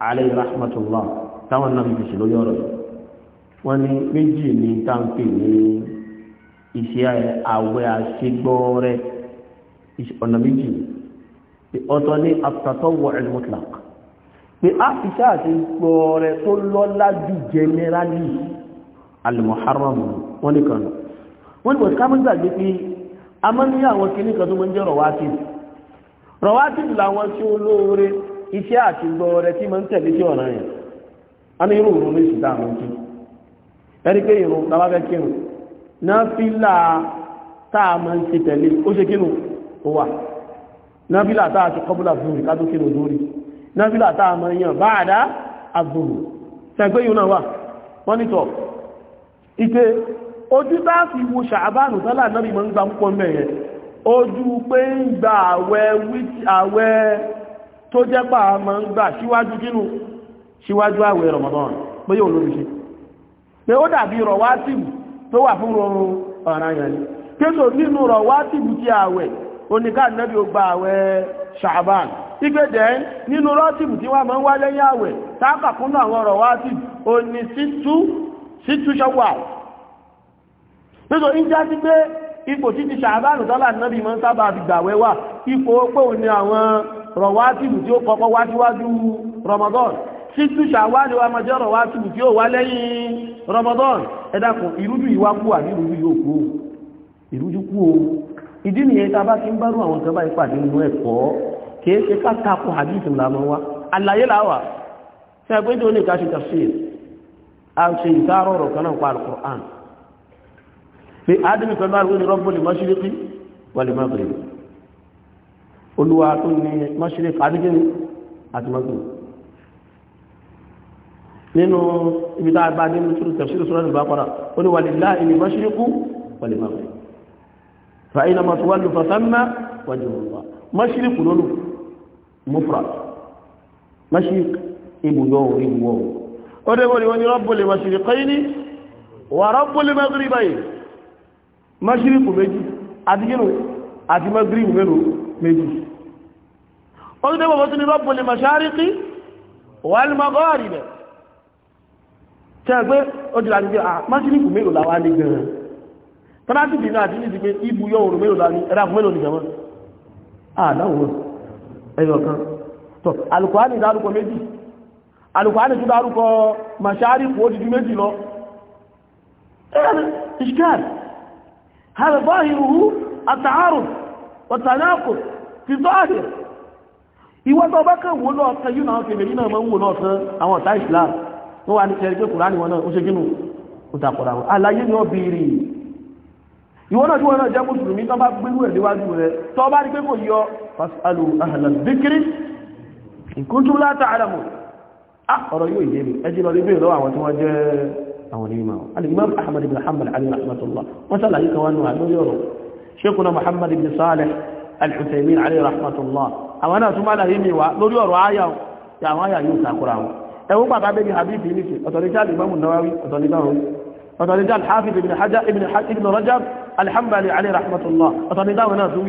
alayhi rahmatullah táwọn náà fi ṣèlú yọrọ wọn ní méjì ní táǹpì ní iṣẹ́ àwẹ̀ àṣegbọ́rẹ́ ọ̀nà méjì ọ̀tọ̀ ní at-tatawwu' al-mutlaq pé a ah, iṣẹ́ àṣegbọ́rẹ́ tó lọ́lá jù jẹ́nẹ́rálì al-muharram wọn nìkan wọn ni wọ́n ká mọ́ gbàgbé pé a mọ́ ní àwọn kìnnìkan tó mọ́ rọwátìbù làwọn tí ó lóore iṣẹ́ àti gbọ́ rẹ tí ma ń tẹ̀lé tí ọ̀ràn yẹn a ní irú òun méjì tá àwọn kí ẹni pé ìrùn tá a bá fẹ́ kírun náfìlà tá a máa ń ṣe tẹ̀lé ó ṣe kírun ó wà náfìlà tá a ti kọ́bùlà zuri ká tó kírun lórí náfìlà tá a máa yàn báàdá àzòrò ṣẹgbẹ́ yìí náà wà wọ́n ní tọ̀ ike ojú tá fi wo ṣàbánu tọ́lá náà bí mo ń gbà púpọ̀ mẹ́yẹn ojú pé ń gba àwẹ̀ tó jẹ́ pà àmọ́ ń gbà síwájú kínú síwájú àwẹ̀ Ramadan pé yóò lórí ṣe pé ó dàbí rọ̀wátìbù tó wà fún rọrùn ọ̀ràn yẹn ni késo nínú ti àwẹ̀ oníká nẹ́bí ó gba àwẹ̀ Ṣàbán ìgbẹ́jẹ́ nínú rọ́tìbù tí wá máa ń wá ní ipò títí ṣàbánù tọ́lá nàbí mọ́ sábà gbàwẹ́ wà ipò pòun ni àwọn rọ̀wátìbù tí ó kọ́kọ́ wá síwájú Ramadan títí ṣàwálé wa máa jẹ́ rọ̀wátìbù tí ó wá lẹ́yìn Ramadan ẹ dákun ìrújú ìwá kú àbí ìrújú yóò kú ìrújú kú o ìdí nìyẹn tá a bá ti ń bárú àwọn kan báyìí nínú ẹ̀kọ́ kìí ṣe ká takò hadith làmọ́ wa àlàyé làwà ṣe àgbéjọ́ ní ìkáṣe tafsir a ṣe ìtàrọ̀rọ̀ kan quran pé ádámù pẹ̀lú àwọn ìrọ́bù lè mọ́ṣíríkì wà lè mọ́gbìrì olúwa tó ní mọ́ṣíríkì adígínì àti mọ́gbìrì nínú ibi tá a bá nínú túrú tafsir suratul baqara ó ní wà lè láà ìlú mọ́ṣíríkù wà lè mọ́gbìrì fa iná mọ́ tó wà lù fọ́sánmà wà jù wà mọ́ṣíríkù lólù mufra mọ́ṣíríkì ibùdó orí ó dé wọ́n ni wọ́n ni mọ́ṣíríkì wà rọ́bù lè mọ́gbìrì báyìí mọ́ṣíríkù méjì àti gínú àti mọ́gírìmù mẹ́rù méjì ó tún débọ̀ tún ní rọ́bù lè mọ̀ṣáríkì wà ní mọ́gọ́rì rẹ̀ tẹ́ pé ó jìlá ní pé à mọ́ṣíríkù mẹ́rù làwá ní gan-an tọ́látì dìnnà àti ní ti pé ibù yọ òrùn mẹ́rù lání ẹ̀rà fún mẹ́rù nìjọba àdáwò ẹyọ kan tọ́ alùkùránì dárúkọ méjì alùkùránì tún dárúkọ mọ̀ṣáríkù هذا ظاهره التعارض والتناقض في الظاهر ìwọ́n tó bá kàn wò lọ́ọ̀kan yìí náà fèmèrè náà mọ́ ń wò lọ́ọ̀kan àwọn ọ̀tá islam tó wà ní ṣẹ̀rẹ̀ pé kùránì wọn náà ó ṣe gínú ó dàpọ̀dà wọn aláyé ni ó bèèrè ìwọ́n náà tí wọ́n náà jẹ́ mùsùlùmí tó bá gbérú ẹ̀ níwájú rẹ̀ tó bá ní pé kò yọ fasalu ahlan dhikri in kuntum la ta'lamun ah, àwọn onímọ̀ alimam ahmad ibn hanbal alayhi rahmatullah wọ́n sàlàyé kan wá nù àlórí ọ̀rọ̀ sheikhuna muhammad ibn salih al-husaymin alayhi rahmatullah àwọn náà tún máa láyé mi wá lórí ọ̀rọ̀ àyà àwọn àyà yóò takura wọn ẹ̀wọ́n bàbá bẹ́ni habibi ní ṣe ọ̀tọ̀lẹ́jà imam nawawi ọ̀tọ̀lẹ́jà rẹ̀ ọ̀tọ̀lẹ́jà al-hafiz ibn hajar ibn rajab alhambali alayhi rahmatullah ọ̀tọ̀lẹ́jà wọn náà tún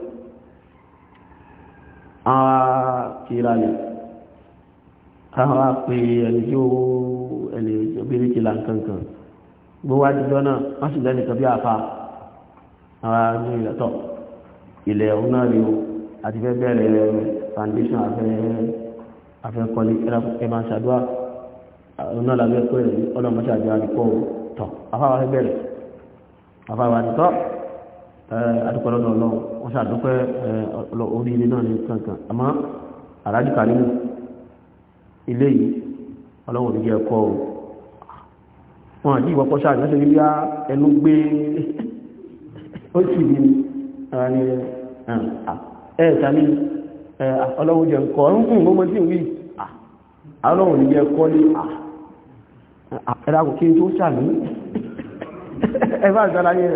àwọn kìíra lè káwọn pé ẹni tí ó ẹni obìnrin kìíra nkankan gbówá jíjọ náà wọ́n sì lẹ́nu kan bí àfa àwọn ní ìlẹ́tọ̀ ilẹ̀ ọ̀hún àti fẹ́ bẹ̀rẹ̀ foundation afẹ́ afẹ́kọ́lé ẹ̀mà ṣàdúrà ọ̀hún náà làbẹ́ pẹ̀lú ọlọ́mọṣàdúrà rí pọ̀ tọ̀ afáwa fẹ́ bẹ̀rẹ̀ adúpẹ́ lọ́dọ̀ ọlọ́run wọ́n ṣàdúpẹ́ oríire náà ní kankan àmọ́ àràdìkà ilé yìí ọlọ́run ìjẹ́ ẹ̀kọ́ o wọn àti ìwọ́pọ̀ ṣáàjọ́ ọla rí ẹnu gbé ó sì ọla ẹ̀ẹ̀ta ní ọlọ́run jẹ́ ẹ̀kọ́ ọ̀rúnkún gbogbo tó yẹn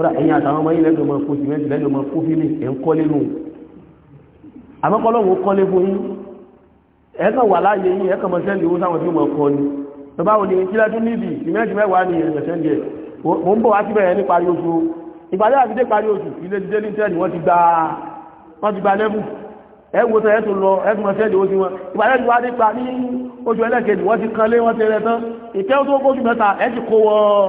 kódà ẹ̀yìn àtàwọn ọmọ yìí lẹ́jọ́ mọ́ kó sìmẹ́ntì lẹ́jọ́ mọ́ kó fílì ẹ̀ ń kọ́lé nù àmọ́kọ́lọ́wọ́ kọ́lé fún yín ẹ̀ẹ́kàn wà láàyè yín ẹ̀ẹ́kàn mọ́ sẹ́ndì owó sáwọn tí ó mọ̀ kọ́ ni tó báwo ni kí lẹ́tún níbi sìmẹ́ntì mẹ́wàá ni ẹ̀ẹ́kàn sẹ́ndì ẹ̀ mo ń bọ̀ wá síbẹ̀ yẹn ní parí oṣù ìpàdé àfidé parí oṣù ilé dídé ní sẹ́ndì wọ́n ti gba wọ́n ti gba lẹ́bù ẹ wo tẹ ẹ tún lọ ẹ tún mọ sẹ́ẹ̀dì oṣù wọn ìpàdé tí wàá nípa ní oṣù ẹlẹ́kẹ̀ẹ́dì wọ́n ti kan lé wọ́n ti rẹ̀ tán ìkẹ́ tó kóṣù mẹ́ta ẹ ti kó wọ́ọ́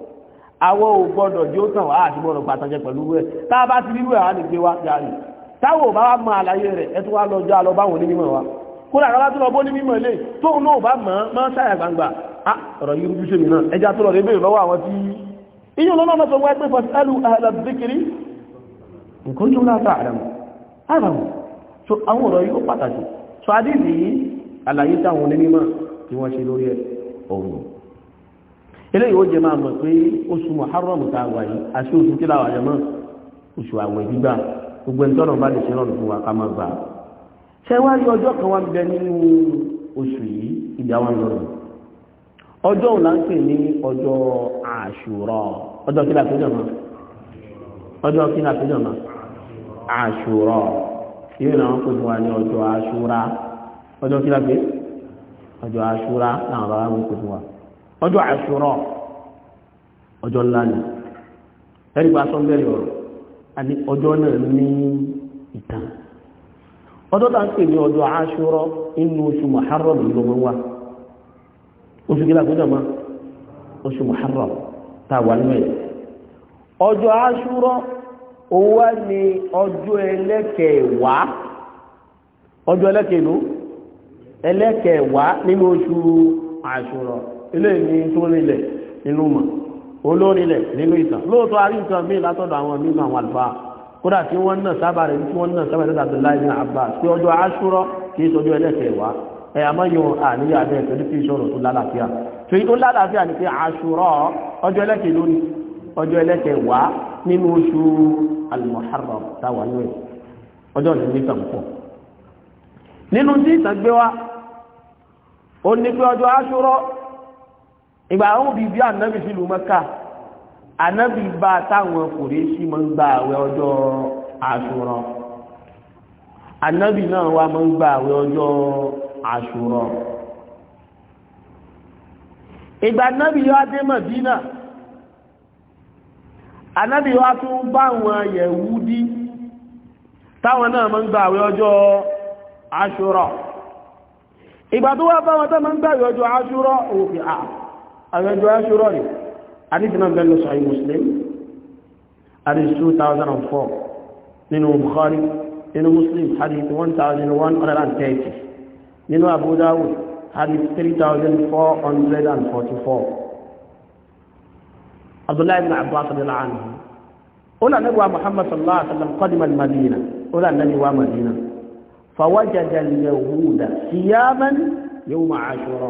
àwọ ò gbọdọ̀ jó tàn wá àti gbọdọ̀ gbàtànjẹ pẹ̀lú rẹ̀ tá a bá ti rírú ẹ̀ wá lè gbé wá járe táwọn ò bá wá mọ àlàyé rẹ̀ ẹ tún wá lọ jọ àlọ báwọn onímọ̀ wa kódà kan bá tún lọ bó ní mímọ̀ ilé tóun náà bá mọ̀ mọ́ sáyà gbangba á ah, ọ̀rọ̀ yìí rújú sèmi náà ẹja tó lọ rẹ béèrè lọ́wọ́ àwọn tí iyún lọ́nà ọ̀nà tó wá pé fọ́sí ẹlú alàbíkiri nǹkan tó láta àdàmù àdàmù tó àwọn ọ̀rọ̀ yìí ó pàtàkì tó adìsí yìí àlàyé táwọn onímọ̀ tí wọ́n ṣe lórí ẹ̀ ọ̀rùn eléyìí ó jẹ máa mọ̀ pé oṣù muharram tá a wà yìí àti oṣù tí làwọn àjẹmọ́ oṣù àwẹ̀ gbígbà gbogbo ẹni tọ́nà bá lè ṣe lọ́nà fún wa ká má gbà á ṣe wá rí ọjọ́ kan wá ń bẹ nínú oṣù yìí ìgbà wọn lọ́rùn ọjọ́ òun là ń pè ní ọjọ́ àṣùrà ọjọ́ kí ọjọ́ kí kò ọjọ́ àṣùrọ̀ ọjọ́ ńlá ni ẹ̀rí ọ̀rọ̀ ọjọ́ náà ní ìtàn ọjọ́ tá ń pè ní ọjọ́ àṣùrọ̀ inú oṣù Muharram osu ọjọ́ àṣùrọ̀ wá ọjọ́ ilé ní tó nílẹ̀ inú mọ̀ olórinlẹ̀ nínú ìtàn lóòótọ́ a rí nǹkan míì látọ̀dọ̀ àwọn míì náà àwọn àlùfáà kódà tí wọ́n náà sábà rẹ̀ tí wọ́n náà sábà rẹ̀ Abdullahi bin Abbas pé ọjọ́ aṣúrọ́ kìí sọjọ́ ẹlẹ́kẹ̀ẹ́wá ẹ àmọ́ yọ àníyàn abẹ́ ìtọ́jú kìí sọ̀rọ̀ tó lálàáfíà tó yí tó lálàáfíà ni pé aṣúrọ́ ẹ̀ ìgbà àwọn bíbí ànábì sílùú mẹ́ka ànábì bá táwọn kòrèṣì máa ń gba àwẹ̀ ọjọ́ àṣùrọ̀ ànábì náà wá máa ń gba àwẹ̀ ọjọ́ àṣùrọ̀ ìgbà ànábì yóò adé mọ̀dínà ànábì wá tún bá àwọn yẹ̀wúdí táwọn náà máa ń gba àwẹ̀ ọjọ́ àṣùrọ̀ ìgbà tó wá bá tó máa ń gba àwẹ̀ ọjọ́ àṣùrọ̀ òfin àà àwọn ẹjọ́ aṣọ́rọ̀ rẹ̀ àdíjìnà bẹ́lú sahih muslim àdí 2004 nínú bukhari nínú muslim àdí 1130 nínú abu dawud àdí 3444 abdullahi ibn abbas radiyallahu anhu ola nabi wa muhammad sallallahu alaihi wasallam qadima al-madina ola nabi wa madina fawajada al-yahuda siyaman yawma ashura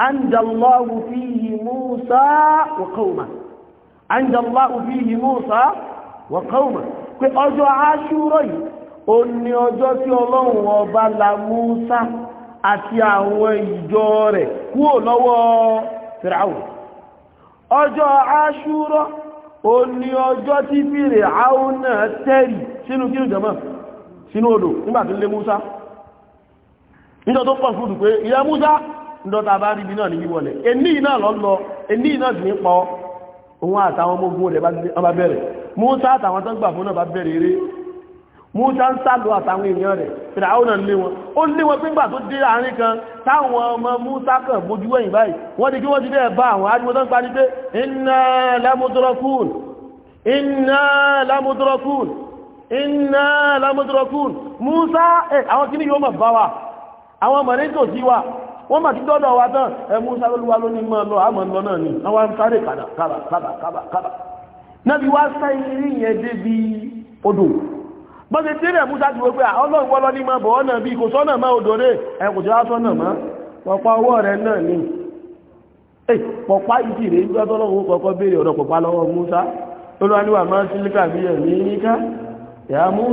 أنجى الله musa موسى وقومه أنجى الله musa موسى وقومه pé ọjọ́ aṣúrọ̀ yìí ó Musa ati awon ìjọ rẹ̀ kúrò lọ́wọ́ Fìràwọ̀ ọjọ aṣúrọ̀ ó ní ọjọ́ tí Fìràwọ̀ teri tẹ́rì sinu kí jọmọ́ sínú le Musa níjọ to pọ̀ fúdù pé Musa ndọ́ta bá rí bí náà ní wíwọlẹ̀ ẹni náà lọ lọ ẹni náà sì ní pọ̀ òun àtàwọn ọmọ ogun rẹ̀ bá bẹ̀rẹ̀ Musa àtàwọn tó ń gbà fún náà bá bẹ̀rẹ̀ eré Musa ń sálọ àtàwọn èèyàn rẹ̀ fìrà àwọn náà lé wọn ó lé wọn pínpà tó dé àárín kan táwọn ọmọ Musa kan bójú wẹ̀yìn báyìí wọ́n ti kí wọ́n ti bẹ́ẹ̀ bá ni yóò wọ́n mà ti dọ́dọ̀ wa tán ẹmú sárólúwa ló ní mọ́ lọ àmọ́ lọ náà ni wọ́n wá ń sáré kàdà kàbà kàbà wá sá eré yẹn débi odò bọ́sẹ̀ tí rẹ̀ mú sáti wọ́pẹ́ ọlọ́run wọ́lọ́ ní mọ́ bọ̀ bí kò sọ́nà mọ́ odò rẹ̀ kò jẹ́ sọ́nà mọ́ pọ̀pá rẹ̀ náà ni pọ̀pá ìdí rẹ̀ ìgbà kọ̀ọ̀kọ́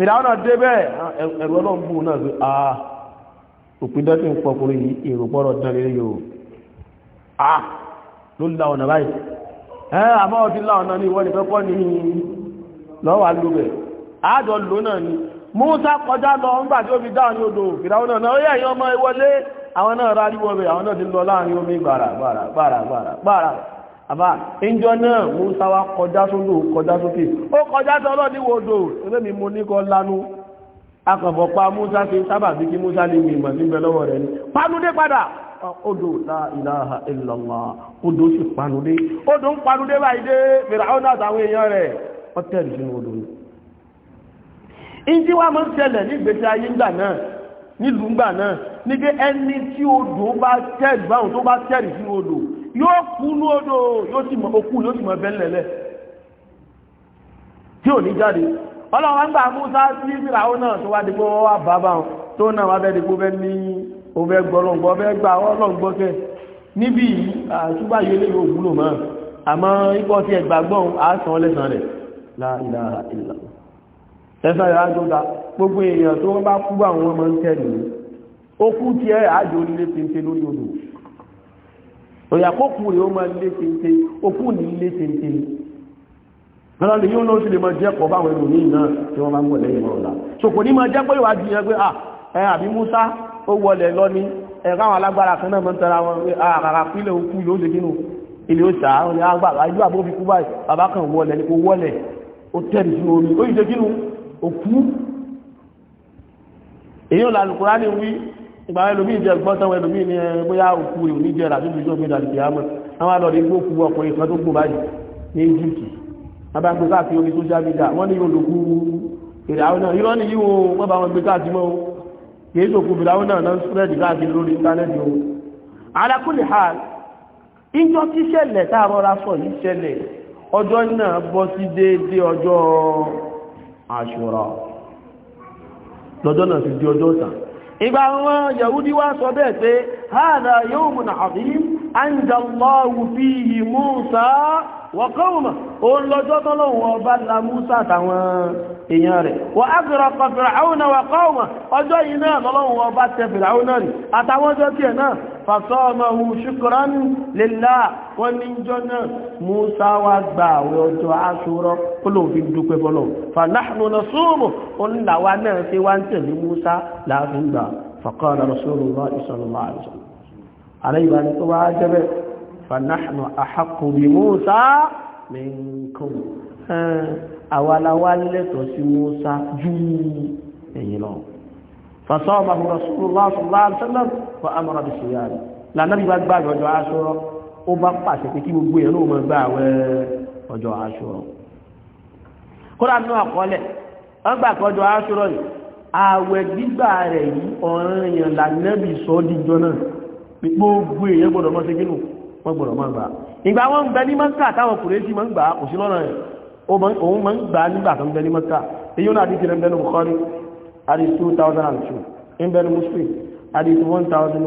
fìdáwọn náà dé bẹ́ẹ̀ ẹ̀rọ náà fi a òpin dẹ́kì ń pọkùnrin yìí èrò pọ́rọ̀ yóò a ló la ọ̀nà báyìí ẹ àmọ́ ọdún la ọ̀nà ní ìwọ ní fẹ́kọ́ ní ni Musa kọjá lọ ń gbàdé omi dáhùn ní odò fìdáwọn náà ó yẹ ọmọ àbá ìjọ náà Musa wá kọjá sódò kọjá sókè ó kọjá sọ́lọ́ ní wòdò ẹlẹ́mi mo ní kọ lanu akọ̀bọ̀ pa Musa fi sábà bí kí Musa lè mi ìmọ̀ níbẹ̀ lọ́wọ́ rẹ̀ ní panudé padà odò la ilaha illallah odò sì panudé odò ń panudé báyìí dé Fìràwọn àtàwọn èèyàn rẹ̀ ọtẹ́rì sínú odò wa máa ń ṣẹlẹ̀ ní ìgbésí ayé ńgbà náà nílùú ńgbà náà yóò kú ní odò yóò sì mọ̀ okú yóò sì mọ̀ bẹ́ẹ̀lẹ̀lẹ̀ tí ò ní jáde ọlọ́wọ́n gbà Musa sí ìràwọ̀ náà tó wá dìgbò wá bàbá wọn tó náà wá bẹ́ẹ̀ dìgbò bẹ́ẹ̀ ní òfẹ́ gbọ́lọ́ngbọ́ bẹ́ẹ̀ gbà ọlọ́ngbọ́ kẹ níbi àtúgbà yóò lè yóò wúlò mọ́ àmọ́ ikọ́ ti ẹgbàgbọ́n àásán lẹ́sàn rẹ̀ láìláà ìlànà tẹ́sán ìrà àjọ́gbà gbogbo èèyàn tó wọ́n bá kú àwọn ọmọ ó kú tí ẹ àjò onílé péńté lórí odò òyà kó kú rẹ̀ ó máa lé tente òkú ní lé tente lọ́la lè yóò lọ́sí lè máa jẹ́ pọ̀ báwọn ẹ̀rọ míì náà tí wọ́n máa ń wọ̀ lẹ́yìn ọ̀la ṣòkò ní máa jẹ́ pé ìwà jìyàn pé ah, ẹ àbí Musa ó wọlé lọ ní ẹ̀rọ àwọn alágbára kan náà máa ń tara wọn pé ah, àràrà pílẹ̀ òkú yóò lè kínú ilé ó ìgbà ẹlòmí ìjẹ gbọ́tọ̀wọ̀ ẹlòmí ní eh, bóyá òkú rẹ̀ oníjẹ rà tóbi tó gbéra lùkì àmọ́ àwọn alọ́rin gbó kú ọkùnrin kan tó gbó báyìí ní Egypt abágbé káàkiri orí social media wọ́n ní olùkú ìràwọ̀ náà irọ́ ní yíwo wọ́n bá wọn gbé káàkiri mọ́ kìí sòkú ìràwọ̀ náà náà spread káàkiri lórí íńtánẹ́ẹ̀tì o alákùnrin ha ìjọ tí ṣẹlẹ̀ lọ́jọ́ náà fi di ọjọ́ ọ̀sán ìgbà wọn yahudi wá sọ bẹ́ẹ̀ pé hádà yawmun azim anjallahu fihi Musa wọ̀kọ́wùmọ̀ òun lọ́jọ́ tọ́lọ́wọ́ ọba la Musa àtàwọn èèyàn rẹ̀ wọ́n ágbèrè pàfẹ́rẹ̀ àwọn wọ̀kọ́wùmọ̀ ọjọ́ yìí náà lọ́lọ́wọ́ ọba tẹfẹ̀rẹ̀ àwọn náà rí àtàwọn ọjọ́ tí ẹ̀ náà fàṣọ́ọ̀mọ̀hù ṣùkúrán fanahnu ahaqqu bi Musa minkum àwàláwà lẹ́tọ̀ sí Musa jù ẹ̀yìn lọ fasọ́ọ̀bàhù rasulullah sallallahu alaihi wasallam wa amara bi siyam lànàbí bá gbà ọjọ́ aṣọ́rọ̀ ó bá pàṣẹ pé kí gbogbo èèyàn ló mọ̀ gbà wẹ́ ọjọ́ aṣọ́rọ̀ kódà nínú àkọọ́lẹ̀ wọ́n gbà pé ọjọ́ aṣọ́rọ̀ yìí ààwẹ̀ gbígbà rẹ̀ yìí ọ̀ràn èèyàn lànàbí sọ́ọ́díjọ náà gbogbo èèyàn gbọ́dọ̀ mọ́ sí kínú wọ́n gbọ́dọ̀ máa gbà ìgbà wọn ń bẹ ní mọ́ká táwọn kùrẹ́sì máa ń gbà kò sí lọ́nà rẹ̀ òun máa ń gbà nígbà tó ń bẹ ní mọ́ká èyí náà àdìsí rẹ̀ ń bẹ ní Bukhari àdìsí 2002 ń bẹ ní Muslim àdìsí 1125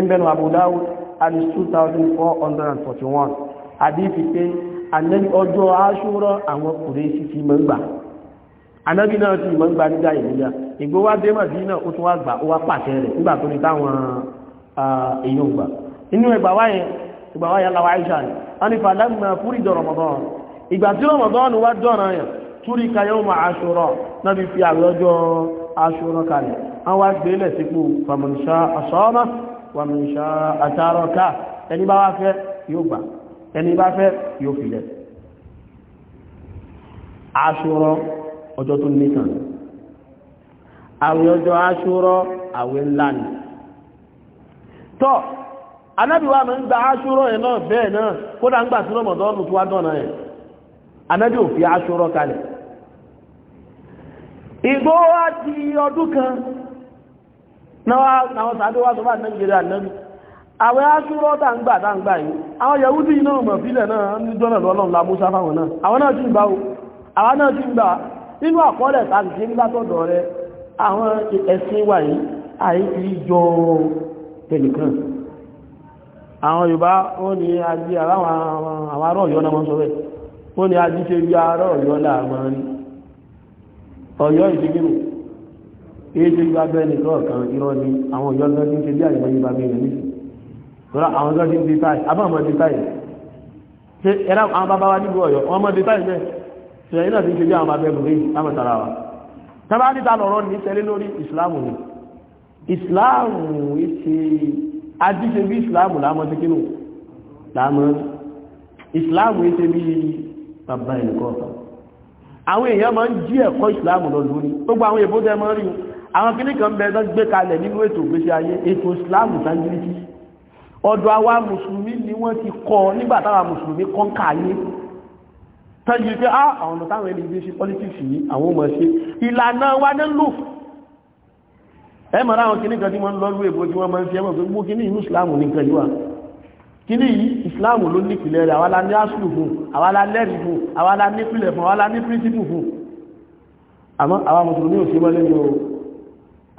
ń bẹ ní Abu Dawud àdìsí 2441 àdìsí pé ànẹ́bí ọjọ́ aṣúrọ̀ àwọn kùrẹ́sì ti máa ń gbà ànẹ́bí náà ti máa ń gbà nígbà ìlúyà ìgbówádé màdínà ó tún wá gbà ó wá pàṣẹ rẹ̀ nígbà tó ní táwọn ah, èèyàn gbà inu ẹgbà wáyé ìgbà wáyé aláwọ̀ àìṣà ni a ní fàdágbà fúrí jọ rọmọdán ìgbà tí rọmọdán fi àwọn ọjọ́ aṣọ́rọ̀ kalẹ̀ wọ́n wá gbé lẹ̀ sípò fàmùnṣá àṣọ́ọ́mà fàmùnṣá àtàrọ̀ká ẹni bá wá fẹ́ yóò gbà ẹni ni anábì wa máa ń gba aṣúrọ̀ ẹ̀ náà bẹ́ẹ̀ náà kódà ń gbà sí rọmọdọ́nù tó wá dọ̀nà ẹ̀ anábì ò fi aṣúrọ̀ kalẹ̀ ọdún kan náwọn sàádé wá sọ́bà nàìjíríà anábì àwẹ̀ aṣúrọ̀ tá ń gbà tá ń gbà yìí àwọn yahudi náà mọ̀ fílẹ̀ náà dọ́nà lọ́lọ́run àwọn Yorùbá ó ní ají àwọn ará Ọ̀yọ́ náà mọ́ sọ bẹ́ẹ̀ ó ní ají ṣe bí ará Ọ̀yọ́ láàmọ́ rí Ọ̀yọ́ ìṣègbèrò èyí ṣe bí abẹ́ nìkan kan irọ́ ni àwọn Ọ̀yọ́ náà ti ń ṣe bí àyẹ̀wò yìí bá mi rẹ̀ nísìnyí rọ àwọn ọ̀gá ti ń di táì àbá ọmọ di táì ṣe ẹ̀rá àwọn bàbá wa nílùú Ọ̀yọ́ ọmọ di táì bẹ́ẹ̀ ṣe ẹ̀yìn náà ti ń ṣe bí àwọn bàbá ẹgbẹ̀rún yìí láwọn ní àdíṣe bí ìsìláàmù láàmọ́ sí kínú láàmọ́ ìsìláàmù ìṣe bí bàbá ẹnìkọ́ ọ̀sán àwọn èèyàn máa ń jí ẹ̀kọ́ ìsìláàmù lọ lórí gbogbo àwọn èèbó tẹ́ máa rí àwọn kìnnì kan bẹ tó gbé kalẹ̀ nínú ètò ìgbésí ayé ètò ìsìláàmù sáńgíríkì ọ̀dọ̀ àwa mùsùlùmí ni wọ́n ti kọ́ nígbà táwa mùsùlùmí kọ́ ń kà ayé tọ́jú pé ah, àwọn ọ̀nà táwọn ẹni gbé ṣe politics yìí àwọn ọmọ ṣe ìlànà wa ní lò ẹ mọ̀ láwọn kìíní kan tí wọ́n ń lọ́lú èbó tí wọ́n máa ń fi ẹmọ̀ pé gbogbo kìíní ìlú ìsìláàmù ní nǹkan yìí wà kìíní yìí ìsìláàmù ló ní ìpìlẹ̀ rẹ̀ àwa la ní áṣùlù fún àwa la lẹ́rìí fún àwa la ní ìpìlẹ̀ fún àwa la ní píríncípù fún àmọ́ àwa mùsùlùmí ò sí mọ́ lẹ́yìn o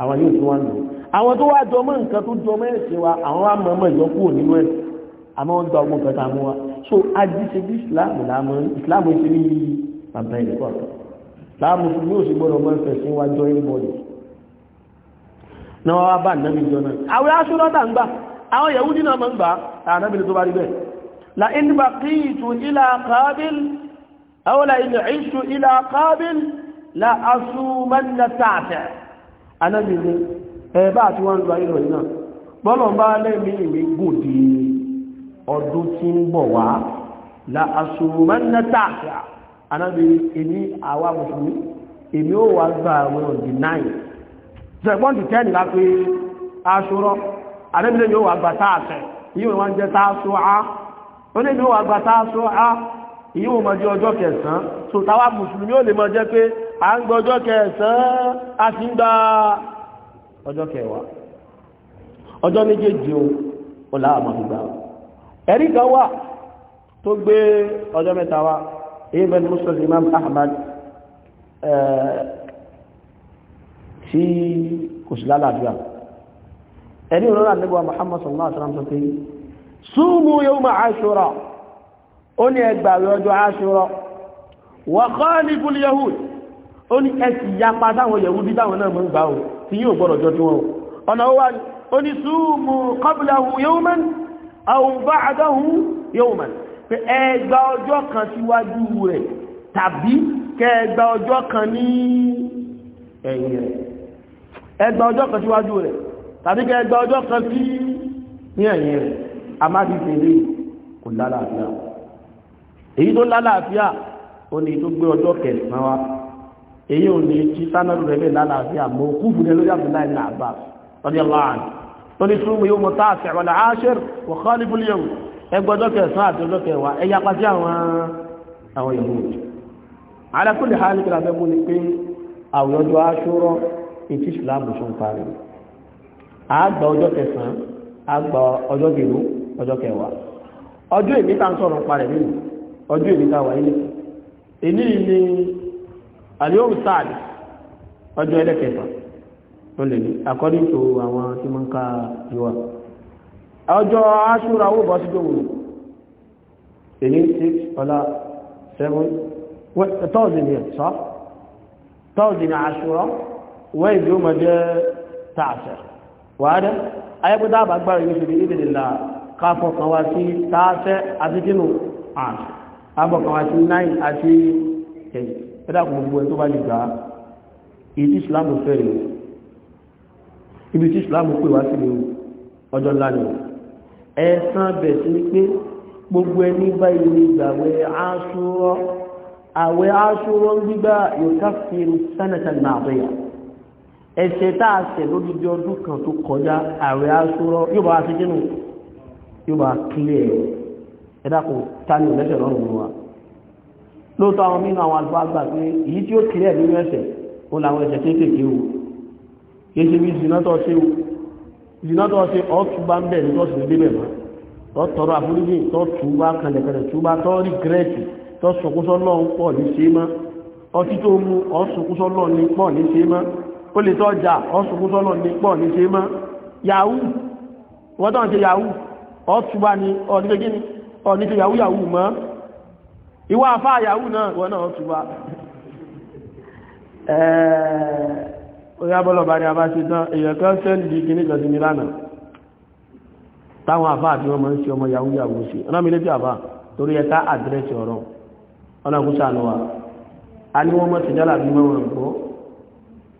àwọn yóò tún wá lò àwọn tó wá jọmọ́ nǹkan tó jọmọ́ ẹ̀sìn wa àwọn wá mọ̀ ọmọ ìjọ kúrò nínú ẹ̀ àmọ́ wọ́n gba ọgbọ́n kẹta mú wa so ajíṣe bí ìsìláàmù láàmú ìsìláàmù ìṣe ní bàbá ìlú kọ̀ọ̀kan láàmù mùsùlùmí ò gbọ́dọ̀ mọ́ ẹ̀fẹ̀ sí wájọ́ ìbọ̀dì náà wá bá nàbí jọ náà àwọn aṣọ́lọ́dà ń gbà àwọn yahudi náà mọ́ ń gbà ànábì tó bá rí bẹ́ẹ̀ la in baqitu ila qabil aw la in ishu ila qabil la asumanna ta'ata ànábì ni ẹ bá àti mùsùlùmí èmi ó wá gba àwọn ọ̀dì zẹ̀gbọ́n ti tẹ́ nìlá pé aṣọ́rọ́ àrẹ́bìnrin yóò wà gbà táàtẹ̀ yíò wọ́n jẹ́ táàṣọ́ á oní yóò wà gbà táàṣọ́ á yíò mọ̀ jẹ́ ọjọ́ kẹsàn-án so táwa mùsùlùmí ò lè mọ̀ jẹ́ pé a ń gbọ́ ọjọ́ kẹsàn-án a sì tí kò sí lálàáfíà ẹni ìrọ̀lá nígbà Muhammad sallallahu alaihi wasallam sọ pé súnmù yawma Ashura ó ní ẹgbàwẹ̀ ọjọ́ Ashura wa khaliful yahud ó ní ẹsì yapa táwọn Yahudi táwọn náà mọ́ ń gbà ó ní súnmù qablahu yawman aw ẹ̀yìn rẹ̀ ẹgbà ọjọ́ kan síwájú rẹ̀ tàbí kẹ ẹgbà ọjọ́ kan sí ní ẹ̀yìn rẹ̀ a máa ti tẹ̀lé kò lálàáfíà èyí tó lálàáfíà ó ní tó gbé ọjọ́ kẹsàn-án wa èyí ò ní tí sánàdù rẹ̀ bẹ́ẹ̀ lálàáfíà mọ́ kú fún ẹlórí Abdullahi ibn Abbas radiyallahu anhu tó ní súnmù yóò mọ̀ táàsì wal ashir wa ètí ìsìláàmù ṣe ń parí àgbà ọjọ́ kẹsàn-án àgbà ọjọ́ kẹlú ọjọ́ kẹwàá ọjọ́ èmi tá ń sọ̀rọ̀ parẹ̀ nínú ọjọ́ èmi tá wà ní èní ni àlíọ́rù sáàdì ọjọ́ ẹlẹ́kẹfà ló lè ní according to àwọn tí mọ́ ń ká ìwà ọjọ́ aṣúra owó bọ́ sí gbòòrò èní 6 ọlá 7 tọ́ọ̀dì ni ẹ̀ sọ́ tọ́ọ̀dì ni aṣúra wọ́n ìdí ó mọ̀ jẹ́ tààṣẹ̀ wàádẹ́ ayẹ́gbẹ́dá àbágbára yóò ṣe bí ìdìdìlà káfọ́ kan wá sí tààṣẹ́ àti kínú àṣẹ abọ̀ kan wá sí 9 àti 10 ẹ̀dà kò gbogbo ẹ̀ tó bá lè ẹ̀sán bẹ̀ sí pé gbogbo ẹni bá ilé ìgbàwẹ̀ Àṣúrà àwẹ̀ Àṣúrà gbígbà yóò káfíìn sánàtà nàbẹ̀yà ẹ̀ṣẹ̀ tá a ṣẹ̀ lórí bí ọdún kan tó kọjá ààrẹ aṣọ́rọ́ yóò bá ṣe kínú yóò bá kílẹ̀ ẹ̀dàkùn tani ìlẹ́ṣẹ̀ lọ́rùn wa lóòótọ́ àwọn mínú àwọn àlùfáà gbà pé èyí tí ó kílẹ̀ nínú ẹ̀ṣẹ̀ ó làwọn ẹ̀ṣẹ̀ kéékèèké o kéṣe bí zinátọ̀ ṣe o zinátọ̀ ṣe ọ̀túbá ń bẹ̀ ní tọ́sí ní débẹ̀ mọ́ tọ́tọ̀rọ àforíjì tọ́túbá kanlẹ̀kanlẹ̀ túbá tọ́ rìgírẹ́tì tọ́sùnkúsọ́ lọ́ọ̀ ń pọ̀ ní ṣe mọ́ ọtí tó mú ọ̀sùnkúsọ́ lọ́ọ̀ ní pọ̀ ní ṣe mọ́ ó lè tọ́ ọjà ọ́sùnkú sọ́lọ̀ ní pọ̀ ní ṣe mọ́ yahoo wọ́n tọ́ ṣe yahoo ọ́túbá ni ọ̀ní ṣe yahoo yahoo mọ́ ìwà afa yahoo náà wọ́n náà ọ́túbá oyábọ́lọ̀ bá ní tán èyàn kan sẹ́ndì yahoo yahoo a wọ́n mọ́ ti jálà bí mọ́ wọn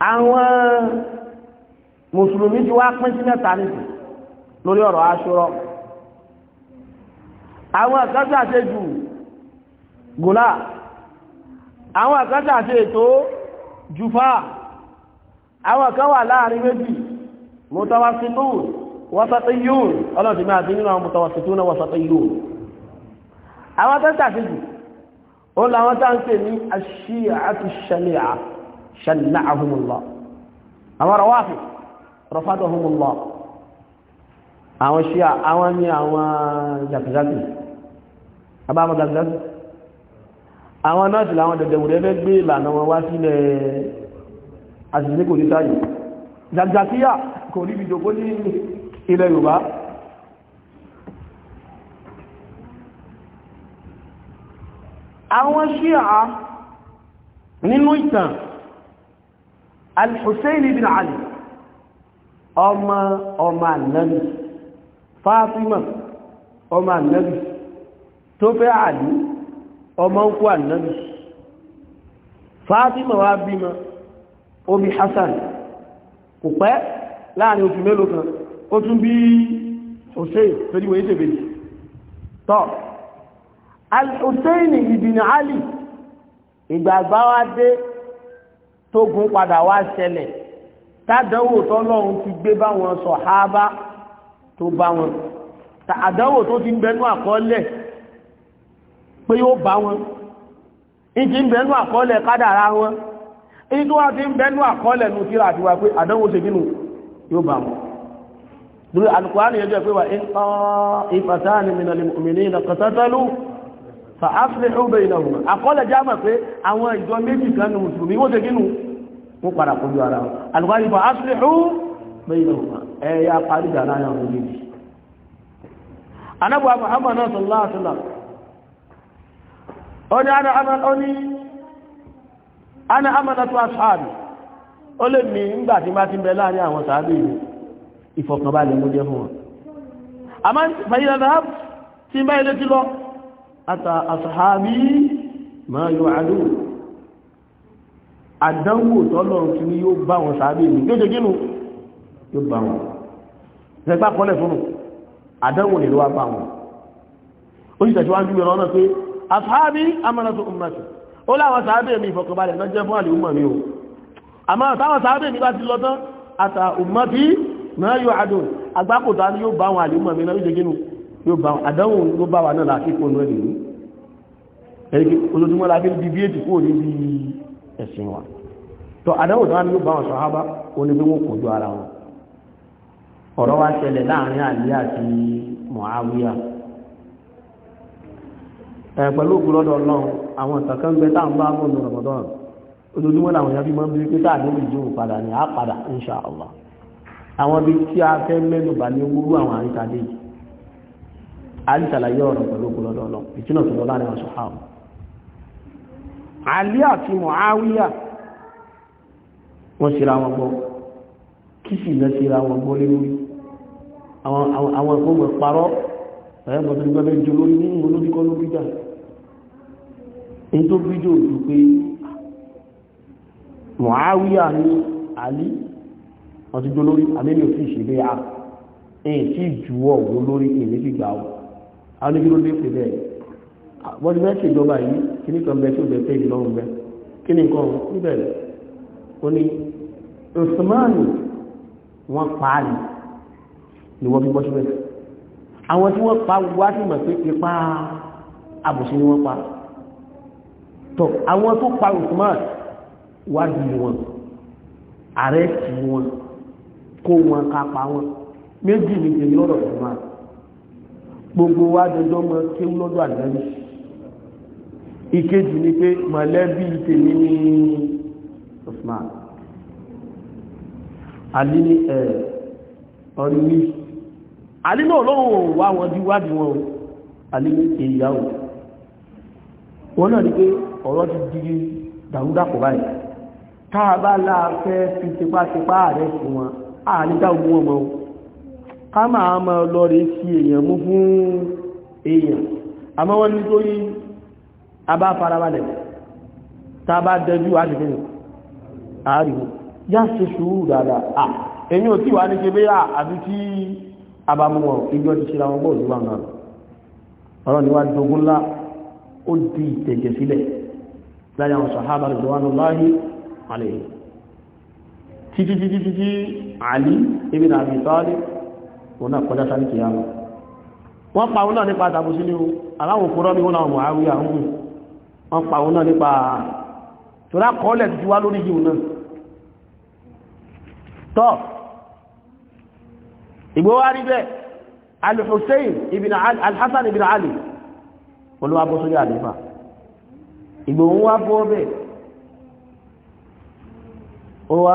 àwọn mùsùlùmí ti wá pín sí mẹ́ta nìsí lórí ọ̀rọ̀ aṣọ́rọ̀ àwọn àkájá àṣẹ jù gùnà àwọn àkájá àṣẹ ètò jùfà àwọn kan wà láàrin méjì mọ́tawásítún wasatiyun ọlọ́dì máa bí nínú àwọn mọ́tawásítún wasatiyun àwọn àkájá àṣẹ jù ó làwọn táǹkì ní aṣíyà àti ṣẹlẹ̀ ṣàlàhùmùlọ àwọn rọwáfì rọfádọ̀hùmùlọ àwọn ṣíà àwọn ní àwọn jàkìjákì abáwọn jàkìjákì àwọn náà sì láwọn dẹ̀dẹ̀wòrẹ́ fẹ́ gbé ìlànà wọn wá sílẹ̀ àṣìṣẹ́ kò ní sáyé jàkìjákíyà kò rí ìjòkó ní ilẹ̀ Yorùbá àwọn ṣíà nínú ìtàn al-Husayn ibn Ali ọmọ ọmọ ànábì Fátímà ọmọ ànábì tó fẹ́ àlì ọmọ ń kú ànábì Fátímà wá bímọ omi Hassan kò pẹ́ láàrin oṣù mélòó kan ó tún bí Husayn tó díwọ̀ yíṣẹ́ bèjì tọ́ al-Husayn ibn Ali ìgbàgbáwá dé tógun padà wá ṣẹlẹ̀ tádánwò tọ́lọ́run ti gbé báwọn sọ̀háábá tó bá wọn tàdánwò tó ti ń bẹnú àkọọ́lẹ̀ pé yóò bá wọn ìjì ń bẹnú àkọọ́lẹ̀ kádàrá wọn èyí tó wá ti ń bẹnú àkọọ́lẹ̀ nù tíra àti wà pé àdánwò ṣe kínú yóò bá wọn lórí alukóhánì fa baynahuma àkọọ́lẹ̀ já mọ̀ pé àwọn ìjọ méjì kan ní mùsùlùmí wọ́n ṣe gínú wọ́n padà kojú ara wọn alùpàdé fàáfílẹ̀hù baynahuma ẹ̀yà parí ìjà láyà ya méjì anábọ̀ Muhammad sallallahu alaihi wasallam ó ana amal ó ana amalatu ashabi ó mi ńgbà tí bá ti ń bẹ ti àtà àṣàhábí ma yóò àdó àdánwò tọ́lọ̀ tí ni yóò bá wọn sàábé mi yóò jẹ́ gínú yóò bá wọn ṣẹgbà kọ́lẹ̀ fún àdánwò lè lọ́wọ́ bá wọn ó sì tẹ̀síwá ń júwe rọ́nà pé àṣàhábí amánàtò ummati ó láwọn sàábé mi ìfọ̀kànbalẹ̀ náà jẹ́ fún àlè ummà mi o àmọ́ táwọn sàábé mi bá ti lọ tán àtà ummati ma yóò àdó àgbákòtà ni yóò bá wọn àlè ummà mi náà yóò jẹ́ yóò bá àdánwò ló bá wà náà láti kó nú ẹ̀lú ẹ̀rí olójúmọ́ láti di bí ètì kúrò níbi ẹ̀sìn wa tó àdánwò tó wá ní yóò bá wọn sàhábà ó ní bí wọ́n kò ju ara wọn ọ̀rọ̀ wá ṣẹlẹ̀ láàrin Àlí àti Muawiya pẹ̀lú ògbúrọ́dọ̀ ọlọ́run àwọn ìtàkàn gbẹ táà ń bá mọ́ ní Ramadan ojoojúmọ́ làwọn èèyàn fi bí pé táà ní á a ń tàlàyé ọ̀rọ̀ pẹ̀lú ọ̀pọ̀lọpọ̀ ìtúnà tó lọ láàrin ọ̀sọ̀ ha Àlí àti Mùáwíyà wọ́n síra wọn gbọ́ kí sì lọ síra wọn gbọ́ lórí àwọn ìfowópamọ́ parọ́ ẹ̀yẹ́ mọ̀ tó ní gbọ́dọ̀ jù lórí nínú olóbíkọ́ ló bíjà ní tó bíjò jù pé lórí àmì àwọn onígbìrò lè pè bẹ́ẹ̀ wọ́n ti mẹ́sì ìjọba yìí kí ní kan bẹ tí ó bẹ péjì lọ́rùn bẹ kí ni nǹkan níbẹ̀rẹ̀ ó ní osmanu wọ́n pa á ní ni wọ́n fi bọ́ síbẹ̀ àwọn tí wọ́n pa wá sí mọ̀ pé ipa àbùsí ni wọ́n pa tọ àwọn tó pa osman wá di wọn ààrẹ tì wọn kó wọn ká pa wọn méjì ní tèmi lọ́dọ̀ osman gbogbo wa dọjọ́ mọ́ kéwú lọ́dọ̀ àdáyé ìkejì ni pé mọ̀lẹ́bí tèmi ní Usman alini ní ẹ̀ ọ̀rí ní alí náà lọ́wọ́ wá wọn bí wádìí wọn alí ní ìyàwó wọn náà ni pé ọ̀rọ̀ ti di dàrúdàpọ̀ báyìí táà láàfẹ́ fi tipátipá rẹ̀ fún wọn àà ní dáwọn wọn mọ́ ká máa ma lọ rẹ̀ sí èèyàn mú fún èèyàn àmọ́ wọ́n ní torí abá farabalẹ̀ tá a bá dẹjú àdìgbìn àárín yá ṣe sùúrù dáadáa à èyí ò tí wà ní ṣe bẹ́yà àbí tí àbámọ́ ìjọ ti ṣera wọn bọ́ọ̀lù wọn náà àwọn sàhábà rẹ̀ ibn Abi Talib òun náà kọjá sáré kìí àmà wọ́n pa òun náà nípa àtàbùsí ní o aláwọ̀ òkúrọ́ ní òun àwọn Muawiya ń gùn wọ́n pa òun náà nípa tòrá kọ́ọ̀lẹ̀ ti wá lórí yìí náà tọ́ ìgbówá rí bẹ́ẹ̀ al-Hussein ibn al-Hassan ibn Ali olúwa bó sórí àlífà ìgbòhun wá bọ́ bẹ́ẹ̀ ó wá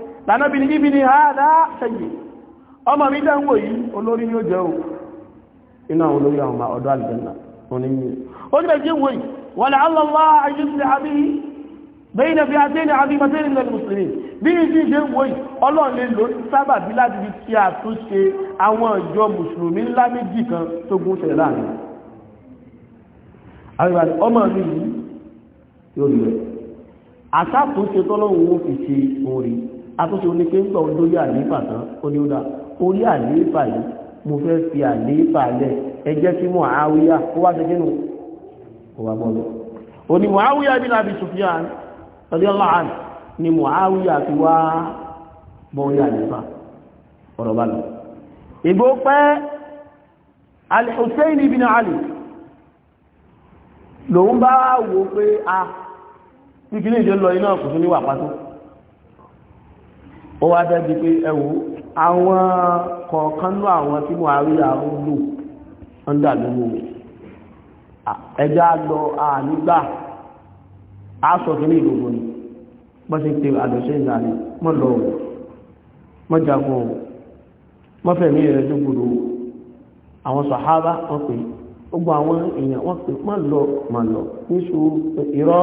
lànàbí ní ibi ni hádá ṣẹ́yì ọmọ mi jẹ́ ń wò yìí olórí ni ó jẹ́ o iná olórí àwọn ọmọ ọ̀dọ́ àlùjẹ́nà oníyí ó ní ẹjẹ́ wò yìí wà láàlọ́lá ayélujára àbí bẹ́yìn náà fi àtẹ́ni àbí mọ́tẹ́ni lẹ́nu mùsùlùmí bí i ti ṣe wò yìí ọlọ́run lè lò sábà bí láti fi ṣe àtúnṣe àwọn ìjọ mùsùlùmí ńlá méjì kan tó gún àtúnṣe oní pé ń gbà olórí àlééfà tán ó ní ó dá orí àlééfà yìí mo fẹ́ fi àlééfà lẹ̀ ẹ jẹ́ kí Muawiya ó wá ṣe kínú ó wá bọ́ọ̀lù ó ní Muawiya bin Abi Sufyan radiyallahu anhu ni Muawiya ti wá bọ́ọ̀lù àlééfà ọ̀rọ̀ bá lọ. ìbò pẹ́ Al-Hussein ibn Ali lòun bá wò pé a ìkíní ìjọ lọ iná kò tún níwà pátó ó wá dẹ́bi pé ẹwù àwọn kọ̀ọ̀kan ní àwọn tí mo àrí àwọn lò ń dà lówó ẹjá lọ ànígbà aṣọ kìíní ìgbòho ni bọ́ sí pé àdọ̀ṣẹ́ ìlànà mọ́ lọ òun jagun òun fẹ̀mí àwọn sàhábà wọ́n pè àwọn èèyàn wọ́n pè lọ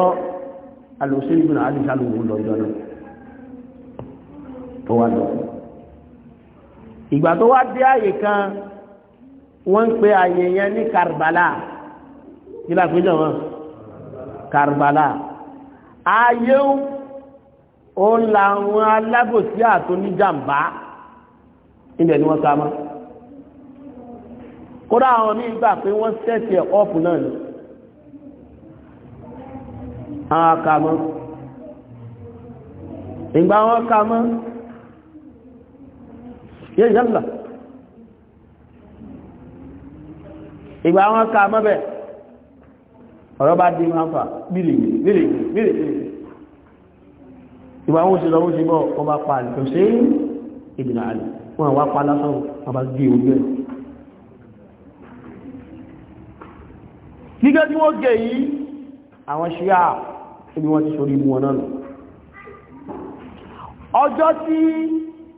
àdìsálòwò lọ́jọ́ náà tó wá lọ ìgbà tó wá dé àyè kan wọ́n ń pe àyè yẹn ní Karbala kí la pè jọ̀wọ́ Karbala ààyè òun làwọn alábòsí àtòníjàmbá ibẹ̀ ni wọ́n sá mọ́ kódà àwọn míì gbà pé wọ́n sẹ́ẹ̀tì ẹ̀ ọ́pù náà ni àwọn akamọ́ ìgbà wọn kamọ́ yalla ìgbà wọn ká mọ́bẹ̀ ọ̀rọ̀ bá dé máa fà bílìgbìlì ìgbà wọn ṣe lọ́wọ́ ṣe bọ́ wọn bá pa àlùkò sí ìdìnà àlù wọn wá pa lásán wọn bá gé ojú ẹ̀ gígẹ́ tí wọ́n gẹ̀ yìí àwọn ṣíà ibi wọ́n ti sórí mú wọn náà lọ ọjọ́ tí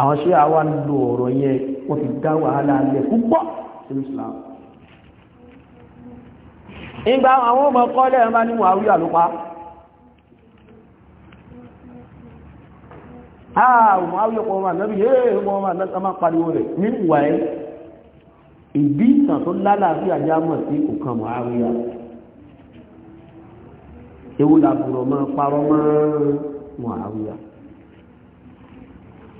àwọn ṣe àwa ń lo ọ̀rọ̀ yẹn wọ́n ti dá wàhálà alẹ́ púpọ̀ sí Islam ìgbà àwọn ọmọ kọ́lẹ̀ ẹ̀mà ní Muawiya àlúpa àwọn Muawiya ọkọ̀ ọmọ ànábì yẹ́ ọmọ ọmọ ànábì ọmọ pariwo rẹ̀ ní ìwà ẹ̀ ìdí ìtàn tó lálàáfíà jámọ̀ sí òkan Muawiya ewu làbùrọ̀ mọ́ parọ́ mọ́ Muawiya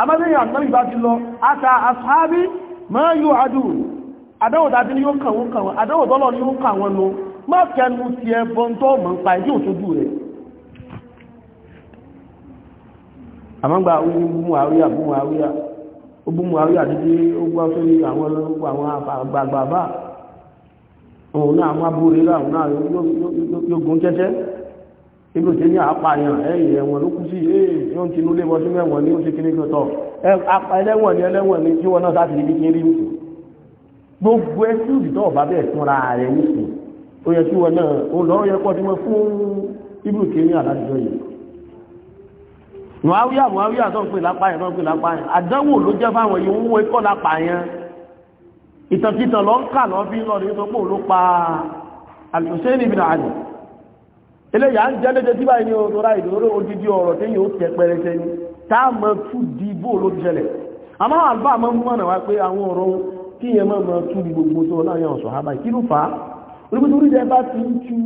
amẹ́lẹ́yìn ànábì bá ti lọ ata asáábí mọ́ yóò adù àdáwò dájú ni yóò kàn wọ́n kàn wọ́n àdáwò tọ́lọ̀ ni yóò kàn wọ́n lọ má kẹnu ti ẹ bọ́ntọ́ mọ̀ ń pa yóò tójú rẹ̀ àmọ́gbà ogun àríyà ogun àríyà ogun ibi tí ní àpààyàn ẹ̀yìn ẹ̀wọ̀n ló kú sí èèyàn yóò ti inú lébọ́ sí mẹ́wọ̀n ní oṣù kìíní kọ̀tọ̀ ẹlẹ́wọ̀n ní ẹlẹ́wọ̀n ní tí wọ́n náà sáti ibi kí rí nìkú gbogbo ẹsùn ìdìtọ̀ ọ̀bá bẹ́ẹ̀ fúnra rẹ̀ nìkú ó yẹ kí wọn náà ó lọ́rọ̀ yẹ kọ́ tí wọ́n fún ibi tí ní àdájọ́ yìí muawiya muawiya tó ń pè lápáyàn tó ń pè lápáyàn àdánwò ló jẹ́ fáwọn yìí ń wo ikọ́ lápáyàn ìtàkìtàn lọ́ ń kà lọ́ bí lọ́ọ̀dún tó pò Ali eléyà ń jẹ́ léde tí báyìí ní ọ̀rọ̀ ìdòrò odidi ọ̀rọ̀ tí yóò tẹ pẹrẹsẹ ni tá a mọ tú di bó ló ti ṣẹlẹ̀ àmọ́ àlùfà mọ́ mú mọ́nà wá pé àwọn ọ̀rọ̀ kí yẹn mọ́ mọ́ tú di gbogbo tó láyé ọ̀sọ̀ àbáyé kí ló fà á onígbèsórí rẹ bá ti ń tú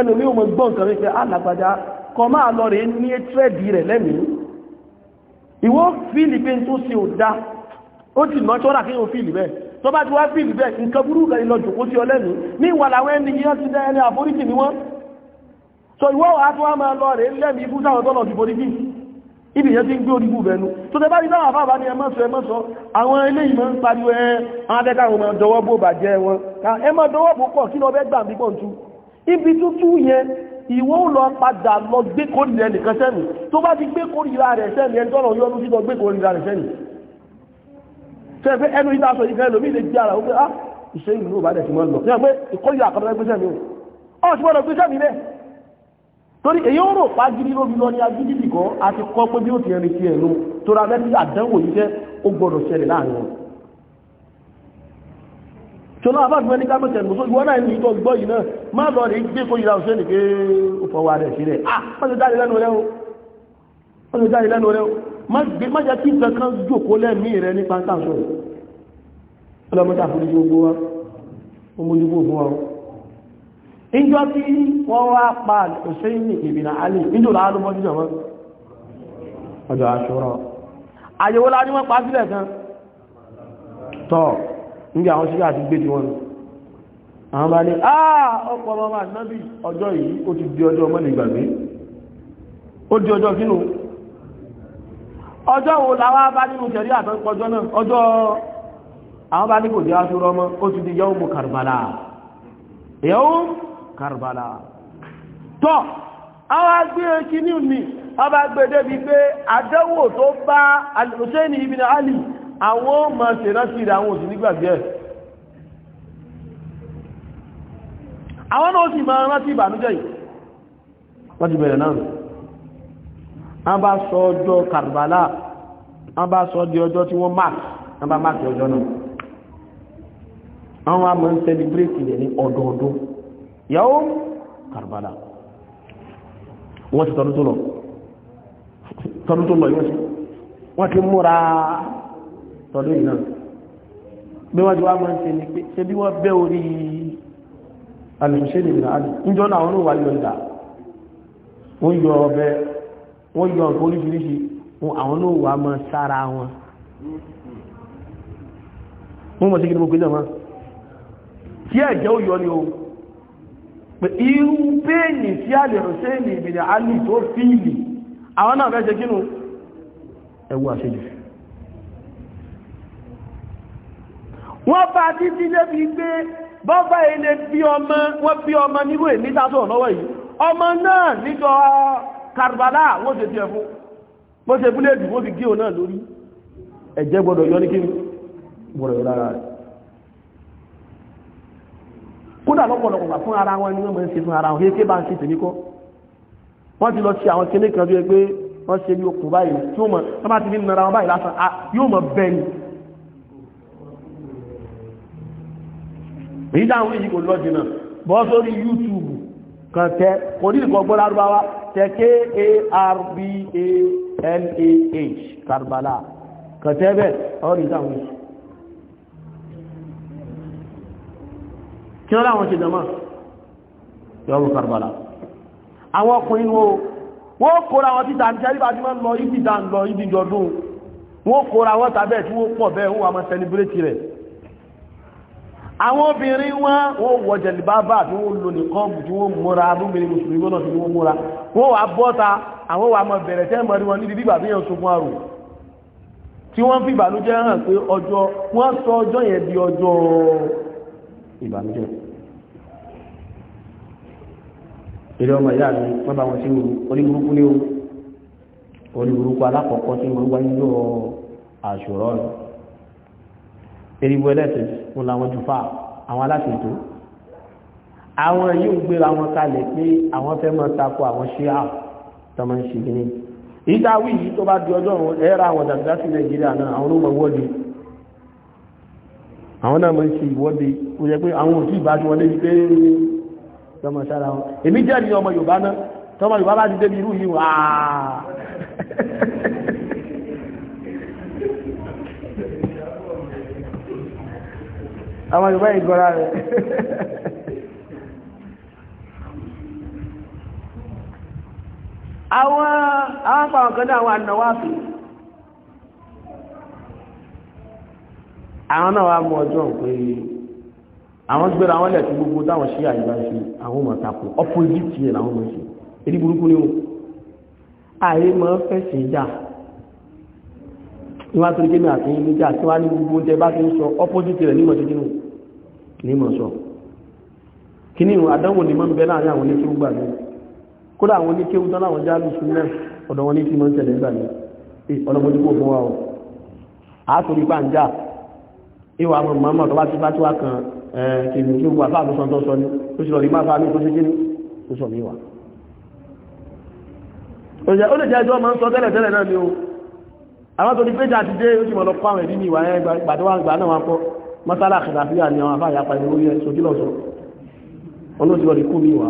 ẹlòmí ò mọ gbọ́ nǹkan rẹ pé alàgbàdá ah, kọ máa lọ rẹ ní tírẹ́dì rẹ lẹ́mìí ìwọ fíìlì pé tó ṣe ò dá ó ti mọ́ tọ́ra kí yóò fíìlì bẹ́ẹ̀ tó bá ti wá fíìlì bẹ́ẹ̀ nǹkan burúkú kan lọ jòkó sí ọ lẹ́nu ní ìwà làwọn ẹni ti dá ẹni àforíjì ni wọ́n so ìwọ́ wà tó wá máa lọ rẹ̀ lẹ́mí ibú sáwọn tọ́lọ̀ ti borí bíi ibi yẹn ti ń gbé orí bú bẹnu tó tẹ bá rí sáwọn àfáàbá ní ẹmọ́sọ ẹmọ́sọ àwọn eléyìí máa ń pariwo ẹ adẹ́ka àwọn máa dọwọ́ bó bàjẹ́ wọn ká ẹ máa dọwọ́ bó pọ̀ kí lọ bẹ́ gbà mí pọ̀ tú ibi tútú yẹn ìwọ ń lọ padà lọ gbé kórìíra nìkan sẹ́nu tó bá ti gbé kórìíra rẹ̀ sẹ́nu ẹni tọ́lọ̀ yọ́nú sí lọ gbé kórìíra rẹ̀ sẹ́nu sẹ́fẹ́ ẹnu ìta sọ ìfẹ́ lómi lè gbára ó pé ah ìṣe ìlú ò bá dẹ̀ ti mọ́ lọ ní àpé ìkọ́yà àkọ́dọ̀ ẹgbẹ́sẹ̀ mi ò ọ̀ ṣùgbọ́n lọ gbé sẹ́mi bẹ́ẹ̀ torí èyí ó rò pa gidi lóbi lọ ní agídí nìkan àti kọ́ pé bí ó ti rìn sí ẹ̀rọ tó ra mẹ́tí àdánwò yìí jẹ́ ó gbọ́dọ̀ ṣẹlẹ̀ láàrin wọn ṣọlá àbájúmọ́ ní kámẹ́tẹ̀ mọ́sọ́ ìwọ́n náà ní ìtọ́ gbọ́ yìí náà má lọ rí gbé kó yìí ṣe nìké ó fọwọ́ rẹ̀ sílẹ̀ ah má ṣe jáde lẹ́nu rẹ̀ ó má jẹ́ kí kankan jòkó lẹ́mí rẹ̀ ní pátá sọ̀rọ̀ ọlọ́mọdé àforíjì gbogbo wa ó níjọ́ tí wọ́n wá pa òṣèyìn ìbìnà alì níjò láàrùn níjọ́ ọjọ́ aṣọ́rọ̀ àyẹ̀wò láàrin wọ́n pa sílẹ̀ kan tọ́ níbi àwọn ṣíkà àti gbé àwọn bá ní ọmọ ọjọ́ yìí ó ti di ọjọ́ di wo Karbala tọ́ àwọn agbé kìíní mi ọba gbẹ̀dẹ́ bí pé àdẹ́wò tó bá Al-Husaini ibn Ali àwọn ọmọ ṣèrántí rẹ̀ àwọn òsì nígbàgbé ẹ̀ àwọn náà sì máa rántí ìbànújẹ́ yìí wọ́n ti bẹ̀rẹ̀ náà a bá sọ ọjọ́ Karbala a bá sọ di ọjọ́ tí mark a bá mark ọjọ́ náà àwọn a máa ń celebrate rẹ̀ ní ọdọọdún yàó Karbala wọ́n ti tọdún tó lọ tọdún tó lọ yóò sí wọ́n ti múra tọdún yìí náà bí wọ́n ti wá máa ń ṣe ni pé ṣe bí wọ́n bẹ́ orí alìmọ̀ṣẹ́lẹ̀ ìrìnàjò níjọ́ náà wọ́n wà yọ ìdá wọ́n yọ ọbẹ̀ wọ́n yọ ọ̀pọ̀ oríṣiríṣi àwọn náà wà máa sára wọn wọ́n mọ̀ sí kí ni mo gbé náà tí ẹ̀jẹ̀ ó yọ ni o pé irú péènì tí a lè Hùsẹ́ẹ̀nì ìbìnà alì tó fíìlì àwọn náà fẹ́ ṣe kínú ẹwú àṣejù wọ́n bá títí débi pé bọ́bá ilé bí ọmọ wọ́n bí ọmọ níwò ìnítàtọ̀ lọ́wọ́ yìí ọmọ náà níjọ Karbala wọ́n ṣe tiẹ̀ fún wọ́n ṣe búlẹ̀dì wọ́n fi kódà lọ́pọ̀lọpọ̀ fún ara wọn ni wọ́n mọ̀ ń ṣe fún ara wọn kéèké bá ń ṣe tèmi kọ́ wọ́n ti lọ sí àwọn kéèké kan bí i pé wọ́n ṣe ní okùn báyìí tí ó bá ti fi nara wọn báyìí lásán yóò mọ̀ bẹ́ẹ̀ni kí ló láwọn ṣe jọmọ́ yọrù Karbala àwọn ọkùnrin wo wọ́n kóra wọn títà ní sẹ́ríbà tí wọ́n lọ ibi dà ń lọ ibi jọdún wọ́n kóra wọn tàbẹ́ tí wọ́n pọ̀ bẹ́ẹ̀ wọ́n wà máa sẹlẹ̀bírẹ́tì rẹ̀ àwọn obìnrin wọn wọ́n wọ jẹ̀lìbábà tí wọ́n lò ní kọ́ọ̀bù tí wọ́n múra lóbìnrin mùsùlùmí gbọ́nà tí wọ́n múra wọ́n wà bọ́ta àwọn wà mọ̀ bẹ̀rẹ̀ tẹ́ mọ̀ wọn níbi bíbà bí yẹn sunkún àrùn tí wọ́n fi ìbànújẹ́ hàn pé ọjọ́ wọ́n sọ ọjọ́ yẹn di ọjọ́ ìbànújẹ́ ìrẹ́ ọmọ ìyá mi wọ́n bá wọn sí oníburúkú ní o oníburúkú alákọ̀ọ́kọ́ tí wọ́n wáyé lọ àṣùrọ̀ rẹ̀ eribu ẹlẹ́sìn fún làwọn jùfà àwọn aláṣètò àwọn yóò gbéra wọn kalẹ̀ pé àwọn fẹ́ mọ́ tako àwọn ṣíà tọmọ ń ṣe gíní ìdáwí yìí tó bá di ọjọ́ ẹ̀rọ àwọn dàgbà sí nàìjíríà náà àwọn olóòmọ̀ wọ́ọ̀dì àwọn náà mọ̀ sí ìwọ́de ó yẹ pé àwọn òtí ìbá tí wọ́n lé wípé lọ́mọ sára wọn èmi jẹ́ ní ọmọ Yorùbá náà tọ́mọ Yorùbá bá ti débi irú yìí wà ọmọ Yorùbá ìgọ́ra rẹ̀ àwọn àwọn pàwọn kan náà wà náwà fìí àwọn náà wá mú ọjọ́ pé àwọn gbéra àwọn lẹ̀ tí gbogbo táwọn ṣí àyíká ṣe àwọn ọmọ tako opposite yẹn làwọn ọmọ ṣe èdè burúkú ni ààyè máa ń jà ní wọ́n á àti jà gbogbo oúnjẹ bá ti ń sọ opposite rẹ̀ nímọ̀ dídínú sọ kíní àdánwò láàrin àwọn oníkéwú gbà kódà àwọn oníkéwú tán láwọn já lùsùn ìwà àwọn mọ̀mọ́ tó bá ti bá tó wá kan kìnnì tí gbogbo àfáà tó sọ tó sọ ní ó sì lọ rí máa fa ní tó ṣe kíní ó sọ míwà ó lè jẹ́ ẹjọ́ máa ń sọ tẹ́lẹ̀ tẹ́lẹ̀ náà ni o àwọn tó ní péjà ti dé ó sì mọ̀ lọ kọ́ àwọn ìdí ní ìwà yẹn gbà tó wá gbà náà wá kọ́ mọ́sálà àkìlàfíà ni àwọn àfáà yapa ìlú yẹn sojú lọ sọ wọn ló ti lọ rí kú míwà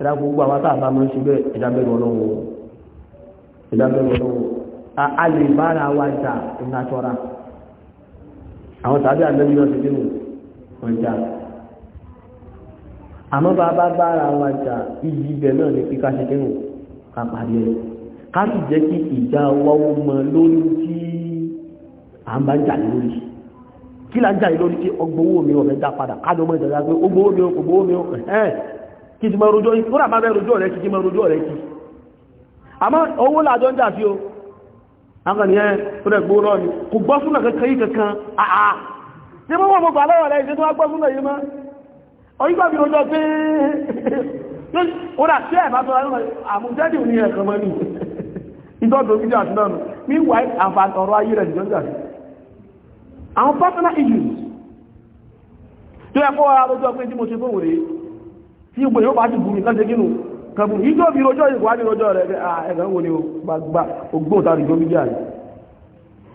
ẹ̀dá gbogbo àwọn tá àbá máa ń ṣe bẹ́ẹ̀ ẹ̀dá bẹ̀rù ọlọ́run ẹ̀dá àwọn tàbí àlẹ́bí lọ sí nínú ọjà àmọ́ bá bá bára wa jà iyì ibẹ̀ náà ní kíká ṣe nínú ká parí ẹ̀ ká sì jẹ́ kí ìjà wáwó mọ lórí tí à ń bá jà lórí kí là ń jà lórí tí ọgbówó mi ọ̀fẹ́ dá padà kájọ mọ́ ìjọba pé ọgbówó mi ọgbówó mi ẹ̀ kí ti mọ rojọ́ ìkúrà kí ti mọ rojọ́ rẹ̀ kí àmọ́ owó làjọ ń jà sí o àwọn ènìyàn rẹ̀ gbóòrọ̀ ni kò gbọ́ súnà kankan yìí kankan àà tí mọ́ mọ́ gbà lọ́wọ́ rẹ̀ ìṣẹ́ tó wá gbọ́ súnà yìí mọ́ ọ̀yígbà bí ojọ́ pé ó dà sí ẹ̀bá tó àmújẹ́dì ní ẹ̀kan mọ́ ní ìjọ́dọ̀ ìjọ́ àti náà ní wà àfàtọ̀rọ̀ ayé rẹ̀ ìjọ́jà àwọn personal issues tó ẹ̀kọ́ wa lójọ́ pé tí mo ṣe fóòrè tí gbogbo yóò bá ti bú mi láti gínú kẹbù ìjọ fi rojọ́ ìwádìí rojọ́ rẹ̀ ẹ̀rọ wo ni o gbàgbà ogbó ta ìjọ bíjà ni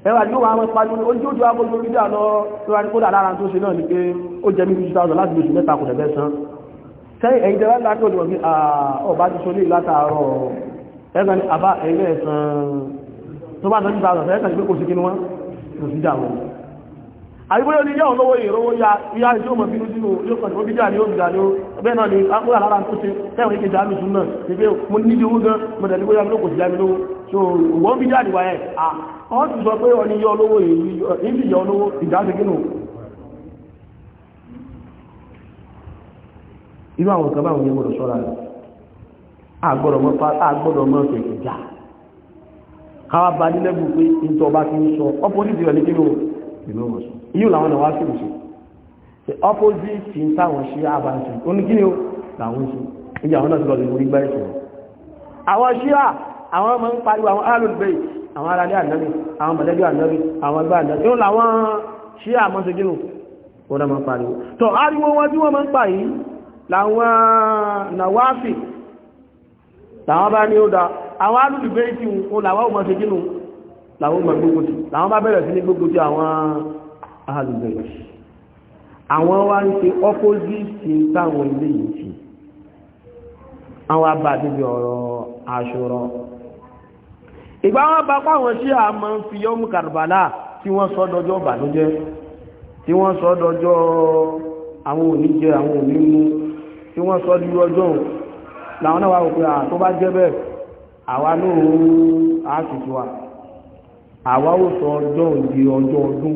ẹwà ni ó wà wọn pariwo ó jó ju agbóso bíjà lọ lọ́wọ́ ni kódà lára tó ṣe náà ni pé ó jẹ́ mi fi ṣúta láti oṣù mẹ́ta kò dẹ̀bẹ́ san sẹ́yìn ẹ̀yìn jẹ́rẹ́ láti òdìwọ̀ bí ọba ti so ní látàárọ̀ ẹ̀rọ ni àbá ẹ̀yìn ẹ̀sán tó bá tọ́jú àyíkúrò ní yọ́ lọ́wọ́ ìrọwọ́ ya ìyá ìjọ mọ̀ bínú sínú yóò kàn ní ojú àní òmìnira ní ọgbẹ́ náà ni akúrà lára tó ṣe tẹ́wọ̀n ní kejì àmì sùn náà ní pé mo ní ìdíwó gan mọ̀tẹ̀ ní bóyá lókò sí àmì lówó so wọ́n bí jáde wáyé à wọ́n ti sọ pé ọ̀ní yọ́ lọ́wọ́ ìlú yọ́ lọ́wọ́ ìdáṣe kínú irú àwọn kan báwọn yẹn gbọ́dọ̀ ṣọ́ra rẹ̀ àgbọ́dọ̀ mọ́ ṣe ìjà káwá ba nílẹ̀ bù pé ìjọba ti ń sọ ọpọ̀ onídìí rẹ̀ ní kí ló ìlú wọn sọ yíò làwọn náà wá sí òṣù the opposite ti ń táwọn ṣe àbáṣe oníkíni ó làwọn ṣe níbi àwọn náà ti lọ lè mú igbá ìṣòro àwọn ṣíà àwọn ọmọ ń pariwo àwọn alùbẹ́ àwọn aráalé ànábì àwọn mọ̀lẹ́bí ànábì àwọn ẹgbẹ́ ànábì yóò làwọn ṣíà mọ́ ṣe gínú wọ́n náà máa ń pariwo tó ariwo wọn tí wọ́n máa bá bẹ̀rẹ̀ sí ní gbogbo tí àwọn alubert àwọn wá ń ṣe opposite táwọn ilé yìí ṣe àwọn abàdébí ọ̀rọ̀ àṣọrọ̀ ìgbà wọn bá pàwọn sí àmọ́ fi yọ́mù kàrbàlá tí wọ́n sọ dọjọ́ bàlójẹ́ tí wọ́n sọ dọjọ́ àwọn oníjẹ àwọn onímú tí wọ́n sọ dúró ọjọ́ làwọn náà wà wò pé à tó bá jẹ́ bẹ́ẹ̀ àwa lóòrùn àṣìṣe àwa ò sọ ọjọ́ ìdí ọjọ́ ọdún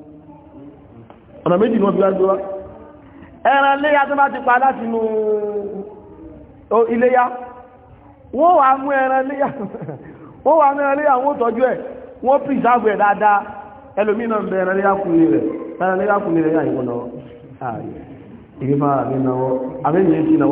ọ̀nà méjì ni wọ́n fi wá gbé wá ẹran léyá tó bá ti pa láti inú iléyá wọ́n wà mú ẹran léyá wọ́n wà mú ẹran léyá wọ́n tọ́jú ẹ̀ wọ́n pìsáàbù ẹ̀ dáadáa ẹlòmínà ń bẹ ẹran léyá kùnlé rẹ̀ ẹran léyá kùnlé rẹ̀ yà ìwọ̀n náà ààyè ìgbéfà àmì náà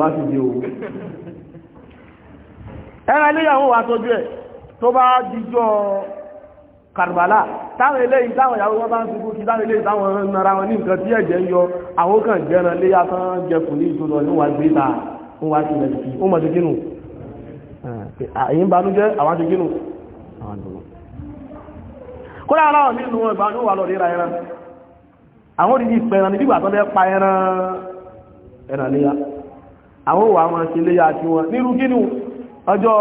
Karbala táwọn eléyìí táwọn ìyàwó wọn bá ń sukú kí táwọn eléyìí táwọn nara wọn ní nǹkan tí ẹ̀jẹ̀ ń yọ àwọn kan jẹran léyà tán jẹkùn ní ìtòlọ ní wàá gbé ta ń wá sí ilẹ̀ sí ó mọ̀ sí kínú èyí ń banújẹ́ àwọn ti kínú àwọn àdúgbò kódà aláwọ̀ nínú wọn ìbánú wà lọ́dẹ̀ ra ẹran àwọn òdìdí ìpẹran níbi ìgbà tó fẹ́ pa ẹran ẹran léyà àwọn òwà wọn ṣe léyà tiwọn nírú kínú ọjọ́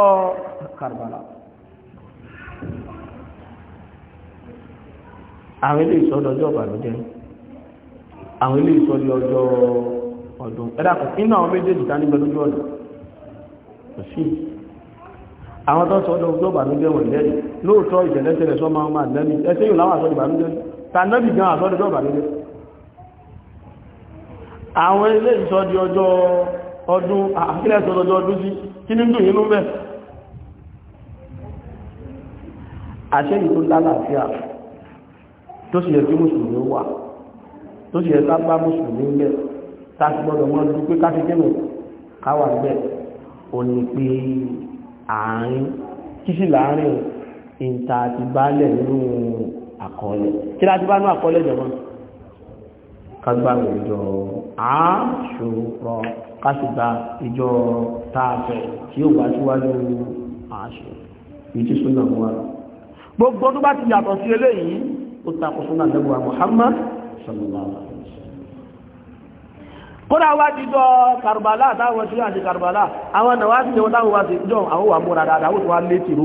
Karbala àwọn ilé ìsọdọ̀ ọjọ́ ìbànújẹ́ àwọn ilé ìsọdọ̀ ọjọ́ ọdún ẹ̀dàkùn inú àwọn méjèèjì ta nígbẹ̀ lójú ọ̀nà kò sí àwọn tó sọdọ̀ ọjọ́ ìbànújẹ́ wọ̀n lẹ́rì lóòótọ́ ìṣẹ̀lẹ́sẹ̀lẹ̀ sọ máa ń máa lẹ́rì ẹsẹ́ yìí láwọn àsọdọ̀ ìbànújẹ́ ta nẹ́bì gan àsọdọ̀ ọjọ́ ìbànújẹ́ àwọn ilé ìsọdọ̀ ọjọ́ ọdún àkílẹ̀ sọdọ̀ ọjọ́ ọdún sí kí ní dùn yínú bẹ́ẹ̀ àṣẹ́yìn tó lálàáfíà tó sì yẹ kí mùsùlùmí wà tó sì yẹ ká bá mùsùlùmí lẹ̀ tá a ti gbọ́dọ̀ mọ́ ọdún pé ká ti dẹ́nu káwà bẹ́ẹ̀ ò ní pé àárín kí sì láàárín ìta àti baálẹ̀ nínú àkọọ́lẹ̀ kí láti bá nú àkọọ́lẹ̀ jọ̀mọ́ kágbá ìjọ àṣùrọ̀ kásìgbà ìjọ tààfẹ̀ tí ó wá síwájú àṣù ìtísúnà wọn gbogbo tó bá ti yàtọ̀ sí eléyìí ó takò súnà Muhammad sallallahu alaihi wasallam kódà wá ti jọ Karbala táwọn ṣúlẹ̀ àti Karbala àwọn náà wá sí jẹun táwọn wá sí jọ àwọn wà múra dáadáa ó tún wá létí ró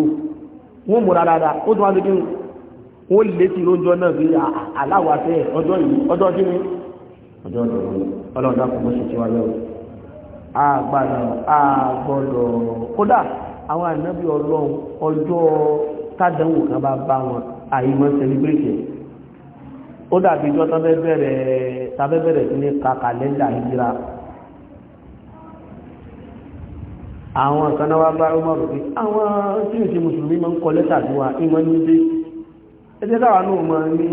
wọ́n múra dáadáa ó tún wá létí ró wọ́n létí ró jọ náà bí aláwàfẹ́ ọjọ́ yìí ọjọ́ kí ni ọjọ́ ọ̀dọ̀ ọlọ́dà kò mọ́ sí ti wáyé o àgbàlà kódà àwọn ànábì ọlọ́run ọjọ́ tádánwò kan bá bá wọn àìmọ́ celebrate ẹ̀ ó dàbí ìjọ tàbẹ́bẹ̀rẹ̀ sí ní ka kàlẹ́ndà ìjìra àwọn kaná wá bá ọmọ rò pé àwọn tí ò sí mùsùlùmí máa ń kọ lẹ́tà sí wa ìmọ̀ ní dé ẹjẹ́ káwà náà mọ̀ ní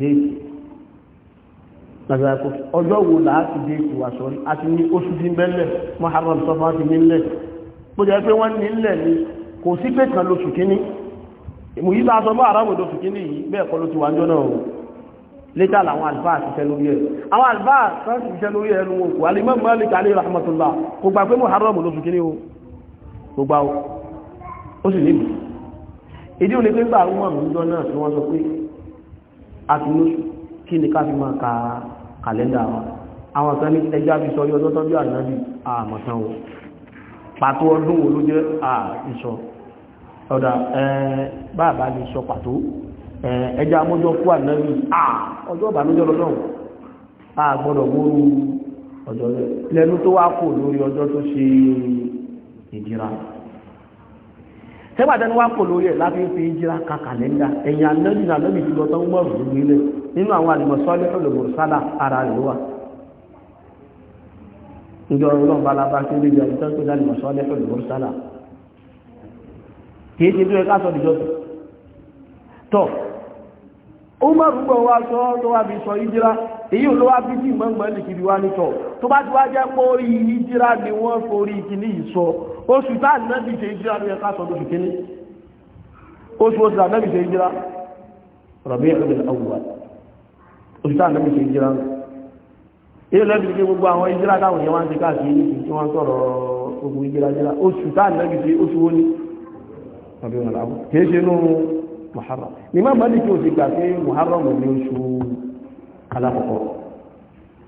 déètì lágbàákò ọjọ́ wo láti déètì wà sọ àti ní oṣù tí mẹ́lẹ̀ Muharram sọfá ti nílẹ̀ bó jẹ́ pé wọ́n nílẹ̀ ìmú yìí bá sọmọ́ àrámọ̀dọ̀ fi kíní yìí bẹ́ẹ̀ kọ́ ló ti wà ń jọ́nà ohun létà làwọn àlùfáà ti fẹ́ lórí ẹ̀ àwọn àlùfáà kan ti fẹ́ lórí ẹnu wọn kò rahmatullah kò gbà pé Muharram ló fi kíní o kò gbà o ó sì níbi ìdí ka kàlẹ́ndà wa àwọn kan ní ẹjá fi sọ yọ ọdọ́ tọ́jú ànábì àmọ̀tán pàtó ọdún wo ló jẹ́ àìsàn ọ̀dà bàbá lè sọ pàtó ẹjọ́ amójọ́ kú ànábì ọjọ́ ìbànújọ́ lọ́dọ̀ọ́ a gbọ́dọ̀ ọjọ́ lẹ́nu tó wá kò lórí ọjọ́ tó ṣe ìjìra wá kò lórí ẹ̀ láti fi ìjìra ka kàlẹ́ndà ẹ̀yìn ànábì ara kìí ṣe tó ẹ̀ká sọ́dì jọ́sùn tọ́ ó mọ̀ rúgbọ̀ wá sọ tó wá fi sọ ìjírá èyí ò ló wá bí tí mọ́gbọ́n lè kiri wá nítọ̀ tó bá ti wá jẹ́ pé orí ìjírá ni wọ́n forí kìíní yìí sọ oṣù tá ànábì ṣe ìjírá ló yẹ ká sọdún oṣù kìíní oṣù oṣù ànábì ṣe ìjírá rọ̀bí ẹ̀rọ̀bí ọ̀wùwà oṣù tá ànábì ṣe ìjírá èyí lẹ́bi tàbí wọn làwọn kìí ṣe inú muharram ní má bá dìkì òsì gbà pé muharram ní oṣù alákọ̀ọ́kọ́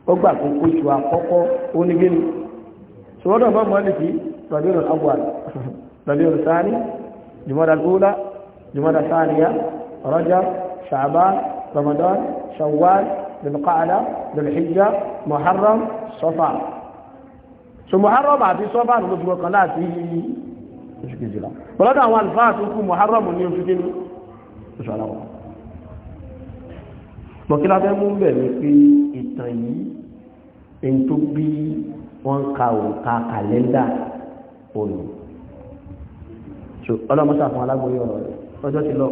ó gbà pé oṣù àkọ́kọ́ ó ní gíní ṣòwọ́dọ̀ má bá dìkì tàbí wọn awwal tàbí wọn sáni jùmọ́dà gbóòlá jùmọ́dà sáníyà rajab sha'ban ramadan shawwal lulqaada lulhijja muharram sọfà so muharram àti sọfà ló ti wọ oṣù kejìlá pẹ̀lọ́dọ̀ àwọn alfáà tó kú muharram ní oṣù kejì oṣù aláwọ̀ bọ̀kílá fẹ́ mú bẹ̀ ní pé ìtàn yìí èyí tó bí wọ́n ka òǹkà kàlẹ́ndà òní ọlọ́mọsà fún alágbóyè ọ̀rọ̀ rẹ̀ ọjọ́ ti lọ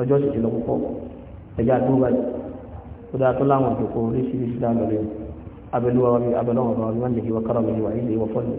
ọjọ́ sì ti lọ púpọ̀ ẹ̀já tó wáyé ó dáa tó láwọn òjòkó oríṣiríṣi dáa lọ́rẹ́ abẹ́lú abẹ́lọ́wọ̀n ọ̀rọ̀ wọn lè yíwọ́ kárọ̀ lè wà ilé ìwọ̀fọ́lẹ̀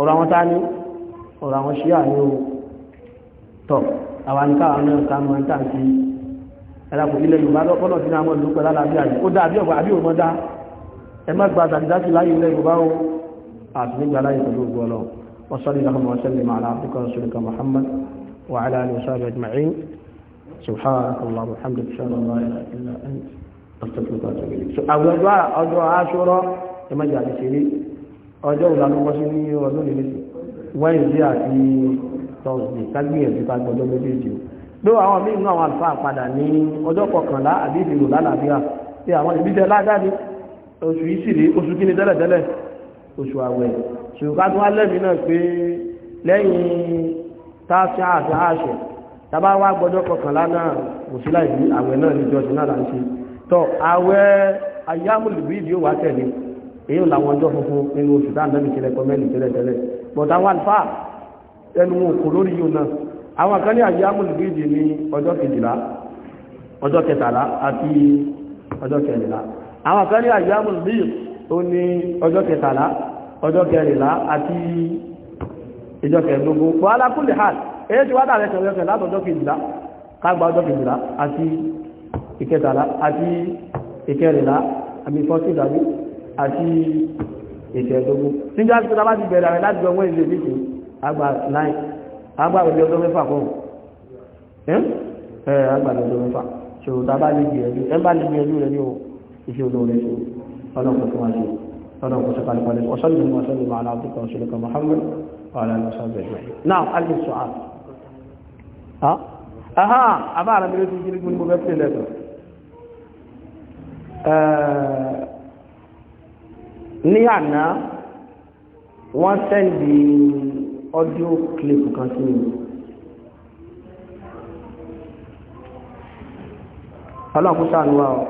ọ̀rọ̀ àwọn tá ní ọ̀rọ̀ àwọn ṣíà ní o tọ̀ àwọn ní káwọn náà ká mọ́ tá sí ẹlẹ́kùn ilẹ̀ Yorùbá lọ́pọ̀lọ́ sí àwọn ìlú pẹ̀lú àlàáfíà yìí ó dá àbí ọ̀gbà àbí òmọ́dá ẹ má gba àtàdídásí láyé ilẹ̀ Yorùbá o àti nígbà láyé pẹ̀lú ògbó ọlọ́ وصلي اللهم وسلم على عبدك ورسولك محمد وعلى اله وصحبه اجمعين سبحانك اللهم وبحمدك اشهد ان لا اله الا انت استغفرك واتوب اليك. اول دعاء دعاء عاشوراء لما جاء في ọjọ́ ìlànàkọ́ sí ní ọdún lè lẹ́sì wẹ́yìndé àti tọ́sí kágbìyànjú ká gbọ́dọ̀ méjèèjì ló àwọn míì náà àwọn àlùfáà padà ní ọjọ́ kọkànlá àbí ìdìbò lálàáfíà pé àwọn ìbíjẹ lágbàdì oṣù yìí sì rí oṣù kíni tẹ́lẹ̀tẹ́lẹ̀ oṣù àwẹ̀ ṣùgbọ́n tó wá lẹ́mìí náà pé lẹ́yìn táṣà àti àṣẹ tàbá wá gbọ́dọ̀ kọkànlá náà kò sí láì àwẹ̀ náà níjọ́sìn náà èyí làwọn ọjọ́ funfun nínú oṣù tá à ń dábì kílẹ̀ kọ́ mẹ́lì tẹ́lẹ̀ tẹ́lẹ̀ bọ̀dá wà fà ẹnu wọn kò lórí yìí náà àwọn kan ní àyè amúlùgbìdì ní ọjọ́ kejìlá ọjọ́ kẹtàlá àti ọjọ́ kẹrìnlá àwọn kan ní àyè amúlùgbìdì ó ní ọjọ́ kẹtàlá ọjọ́ kẹrìnlá àti ìjọ kẹrìndógún pọ̀ alákùnlé hàn èyí ti wá dàrẹ́ kẹrìnlá kẹrìnlá àtọjọ́ ọjọ́ àti ìṣẹ̀dógún níjọ́ àti tọ́lá bá ti bẹ̀rẹ̀ rẹ̀ láti ọgbọ́n ìlú ìdíje àgbà láì àgbà òbí ọdún mẹ́fà fún un ẹ̀ àgbà ọdún mẹ́fà ṣòro tá a bá lè gbìyànjú ẹ bá lè gbìyànjú rẹ̀ ní o iṣẹ́ olóore ṣe ọlọ́pọ̀ fún wa ṣe ọlọ́pọ̀ sí kalipalẹ̀ ọ̀sán ìlú wọn sọ́lùmọ́ aláàbùkọ̀ ṣẹlẹ̀kà Muhammad ọ̀là lọ́sàn bẹ̀rẹ̀ now fi kiri gbogbo bẹ́ẹ̀ ní àná wọ́n sẹ́ndì audio clip kan sí mi ọlọ́run sáà níwá ọ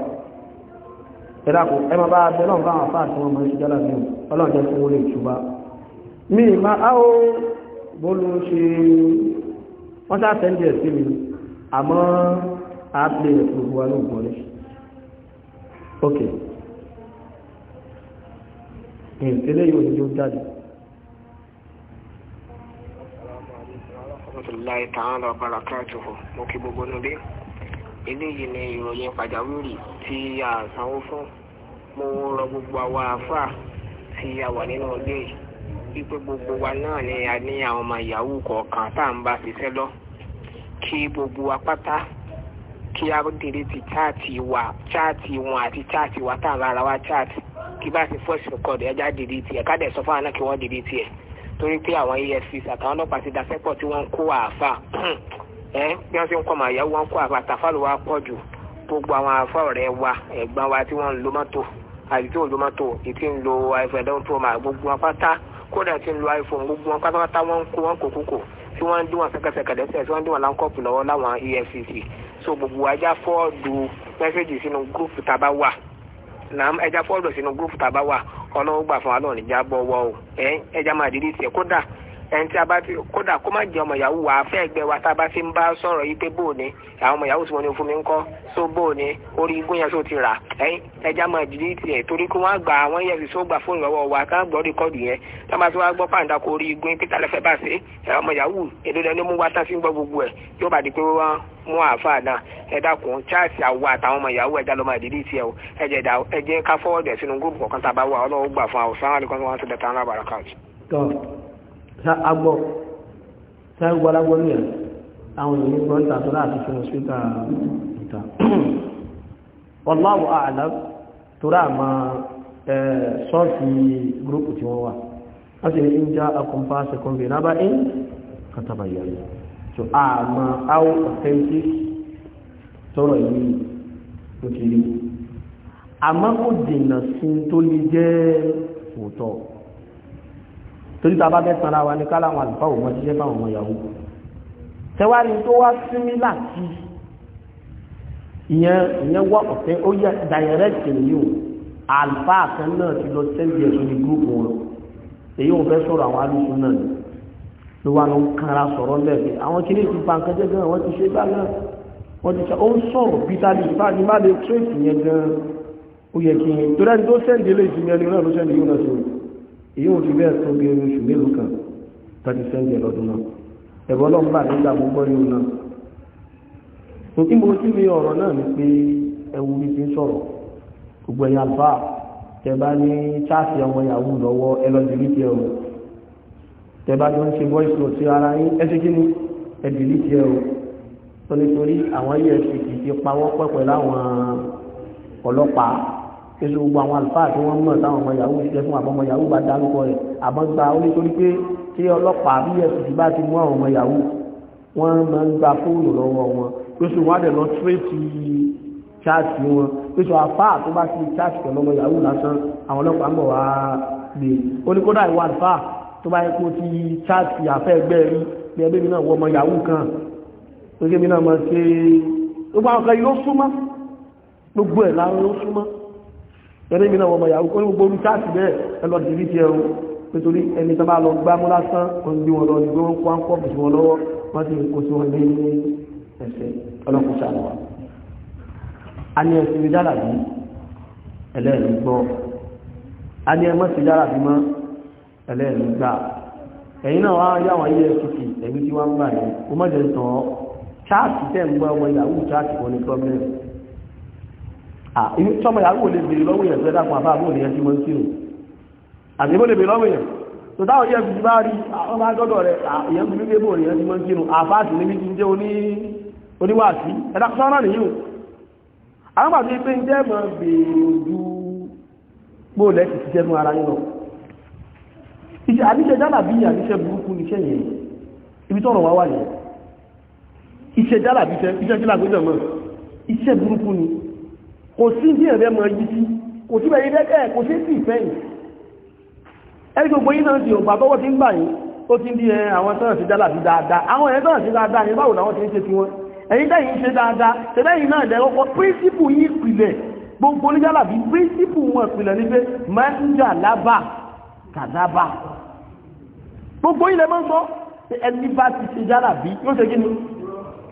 ìdákò ẹ máa bá abẹ́ lọ́nà fáwọn afáà tí wọ́n mọ̀ sí jọ́lá bí ọlọ́run fún wọlé ìtúbá mi ma á ó bólú ṣe wọ́n sá sẹ́ndì ẹ̀ sí mi àmọ́ àápìlẹ̀ ìfúrufú wa ló gbọ́n lé ok ìtẹ́lẹ̀ yóò ní yóò jáde Allahi ta'ala wa barakatuhu mo kí gbogbo nílé eléyìí ni ìròyìn pàjáwìrì tí a sanwó fún a wà nínú ilé wípé gbogbo wa náà a ní àwọn ọmọ ìyàwó kọ̀ọ̀kan tá à a dèrè ti chaati wa chaati wọn àti chaati wa tá à ń bára wa chaati kí bá ti voice record ẹja dìde tiẹ̀ ká dẹ̀ sọ fún àná kí wọ́n dìde tiẹ̀ torí pé àwọn efcc àtàwọn ọlọ́pàá ti dasẹ́pọ̀ tí wọ́n ń kó àáfà ẹ bí wọ́n ṣe ń kọ́ màá yá wọ́n ń kó àáfà tàfà ló wá pọ̀ jù gbogbo àwọn àáfà ọ̀rẹ́ wa ẹ̀gbọ́n wa tí wọ́n ń lo mọ́tò àti tí ò lo mọ́tò ìtì ń lo iphone eleven pro max gbogbo wọn pátá kódà ti ń lo iphone gbogbo wọn pátápátá wọ́n ń kó wọn kòkókò tí wọ́n ń dín wọn sẹ́kẹsẹ̀kẹ̀ lẹ́sẹ̀ tí wọ́n ń dín wọn láńkọ́ọ̀pù lọ́wọ́ láwọn efcc so gbogbo ajá fọ́ọ̀dù mẹ́sẹ̀gì sínú gúrúùpù tá a bá wà náà ẹja fọ́ọ̀dọ̀ sínú gúrúùpù tá a bá wà ọlọ́wọ́ gbà fún wa lọ́rùn ìjábọ̀ wọ o ẹja máa dìde tiẹ̀ kódà ẹni tí a bá ti kódà kó má jẹ ọmọ yahoo wà á fẹ́ ẹgbẹ́ wa tá a bá ti ń bá sọ̀rọ̀ yìí pé bóòní àwọn ọmọ yahoo tí wọ́n ní fún mi ń kọ́ so booni orí igun yẹn ti rà ẹja máa jìdí tiẹ̀ torí kí wọ́n gbà àwọn yẹn fìṣó gbà fóònù lọ́wọ́ wa ká gbọ́ rékọ́dù yẹn tá a bá ti wá gbọ́ pàǹdà kó orí igun pété alẹ́ fẹ́ bá ṣe ọmọ yahoo èdè lẹ́nu mú wa tá a fi ń gbọ́ gbogbo ẹ̀ yóò bá di pé wọ́n mú àáfàá náà ẹ dákun chaasi àtàwọn ọmọ o ká fọwọ́ dẹ̀ sínú gúrùpù sa agbọ́ sa gbọ́lágbọ́ ní ẹ̀ àwọn ènìyàn gbọ́ níta láti fi mọ̀síkà níta wallahu a'lam tó rà máa sọ́ọ̀tì gúrúùpù tí wọ́n wà ní a ma áwọ̀ authentic tọrọ yìí ó ti rí àmọ́ kò dènà sí tó lè jẹ́ òótọ́ torí tá a bá fẹ́ sanra wa ní káláwọn àlùfáà òun ṣiṣẹ́ fáwọn ọmọ ìyàwó tẹwárí tó wá símí láti ìyẹn ìyẹn wá ọ̀fẹ́ ó yẹ dàyẹrẹ́tì ni o àlùfáà kan náà ti lọ sẹ́ńdì ẹ̀sùn ní gúrúùpù wọn èyí ò fẹ́ sọ̀rọ̀ àwọn alùpùpù náà ni ló wà ló ń kanra sọ̀rọ̀ lẹ́ẹ̀kẹ́ àwọn kiri ti pa nǹkan jẹ́ gan ti ṣe bá náà wọ́n ti sọ ó ń sọ̀rọ̀ bitali ìfáàdì má lè tírèkì yẹn gan-an ó yẹ kí n torí ẹni tó sẹ́ǹdì eléyìí ti yẹn ni náà ló sẹ́ǹdì yóò náà sọ̀rọ̀ èyí ò ti bẹ́ẹ̀ tó bí oṣù mélòó kan tàbí sẹ́ńdì ẹ̀lọ́dún náà ẹ̀bọ́ ọlọ́run bá nígbà gbogbo rí òun náà kò mo sí mi ọ̀rọ̀ náà ni pé ẹwu mi ti ń sọ̀rọ̀ gbogbo ẹ̀yìn àlùfà tẹ bá ní cháàsì ọmọ yahoo lọ́wọ́ ẹ lọ dìlítì ẹ o tẹ bá jọ ń ṣe voice note ara yín ẹ ṣe kí ni ẹ dìlítì ẹ o nítorí àwọn efcc ti pawọ́ pẹ̀pẹ̀ láwọn ọlọ́pàá pèsè gbogbo àwọn àlùfáà tí wọ́n mọ̀ táwọn ọmọ yahoo ṣiṣẹ́ fún àbọ̀mọ yahoo bá dárúkọ rẹ̀ àmọ́ gba onítorí pé tí ọlọ́pàá bí ẹ̀sùn ti bá ti mú àwọn ọmọ yahoo wọ́n máa ń gba fóònù lọ́wọ́ wọn pèsè wọn á dẹ̀ lọ tírètì chaati wọn pèsè àfáà tó bá ti chaati pẹ̀lú ọmọ yahoo lásán àwọn ọlọ́pàá ń bọ̀ wá gbé oníkódà ìwà àlùfáà tó bá yẹ kó ti chaati àfẹ́ ẹgbẹ́ rí bí ẹgbẹ́ mi náà wọ ọmọ yahoo ẹ̀rẹ́ ìmìnà ọmọ ìyàwó kó ní gbogbo orí káàkiri bẹ́ẹ̀ ẹlọ dìrí ti ẹrù nítorí ẹni tó bá lọ gbá mú lásán òǹdí wọn lọ ní gbé wọn kó àǹkọ́ bù sí wọn lọ́wọ́ wọ́n ti kó sí wọn lé ní ẹsẹ̀ ọlọ́kùn sàlọ̀ wa. a ní ẹsẹ̀ rí dára bí ẹlẹ́ẹ̀rí gbọ́ a ní ẹmọ́ sí dára bí mọ́ ẹlẹ́ẹ̀rí gbà ẹ̀yin náà wá yáwọn efcc ẹ̀mí tí wọ́n ń gbà ní o mọ̀ sọmọ ìyàwó lè bèèrè lọ́wọ́ yẹn fẹ́ dákun àbá àbúrò yẹn tí wọ́n ń kírun àbí ó lè bèèrè lọ́wọ́ yẹn tó táwọn yẹn fi bá rí ọmọ àgọ́dọ̀ rẹ̀ ìyẹn fi wípé bò yẹn tí wọ́n ń kírun àfáàtì níbi tí ń jẹ́ oníwàásí ẹ̀dá sọ́nà nìyí àwọn àti pé ń jẹ́ mọ̀ bèèrè ojú gbóòlẹ̀ ti ti jẹ́nu ara yín lọ iṣẹ́ àníṣẹ́ jálàbí àníṣẹ́ burúkú níṣẹ́ yẹn ibi tọ́rọ wá wà yẹn iṣẹ́ jálàbí iṣẹ́ iṣẹ́ kò sí bí ẹ̀rẹ́ mọ̀ yí sí kò sí bẹ̀rẹ̀ lẹ́kẹ́ kò sí sí ìfẹ́ yìí ẹni gbogbo yìí náà ti ọ̀gbà tọ́wọ́ ti ń gbà yìí ó ti ń bí ẹn àwọn tọ́nà sí dálà sí dáadáa àwọn ẹ̀yẹn tọ́nà sí dáadáa ní báwo làwọn ti ń ṣe ti wọn ẹ̀yìn tẹ́yìn ṣe dáadáa tẹ́lẹ́yìn náà lẹ́kọ́kọ́ píríncípù yìí pìlẹ̀ gbogbo oníjàlá bí píríncípù wọn pìlẹ̀ ní pé mẹ́ńjà lábà kàdábà gbogbo ilẹ̀ mọ́ sọ ẹni bá ti ṣe jálà bí yóò ṣe kí ni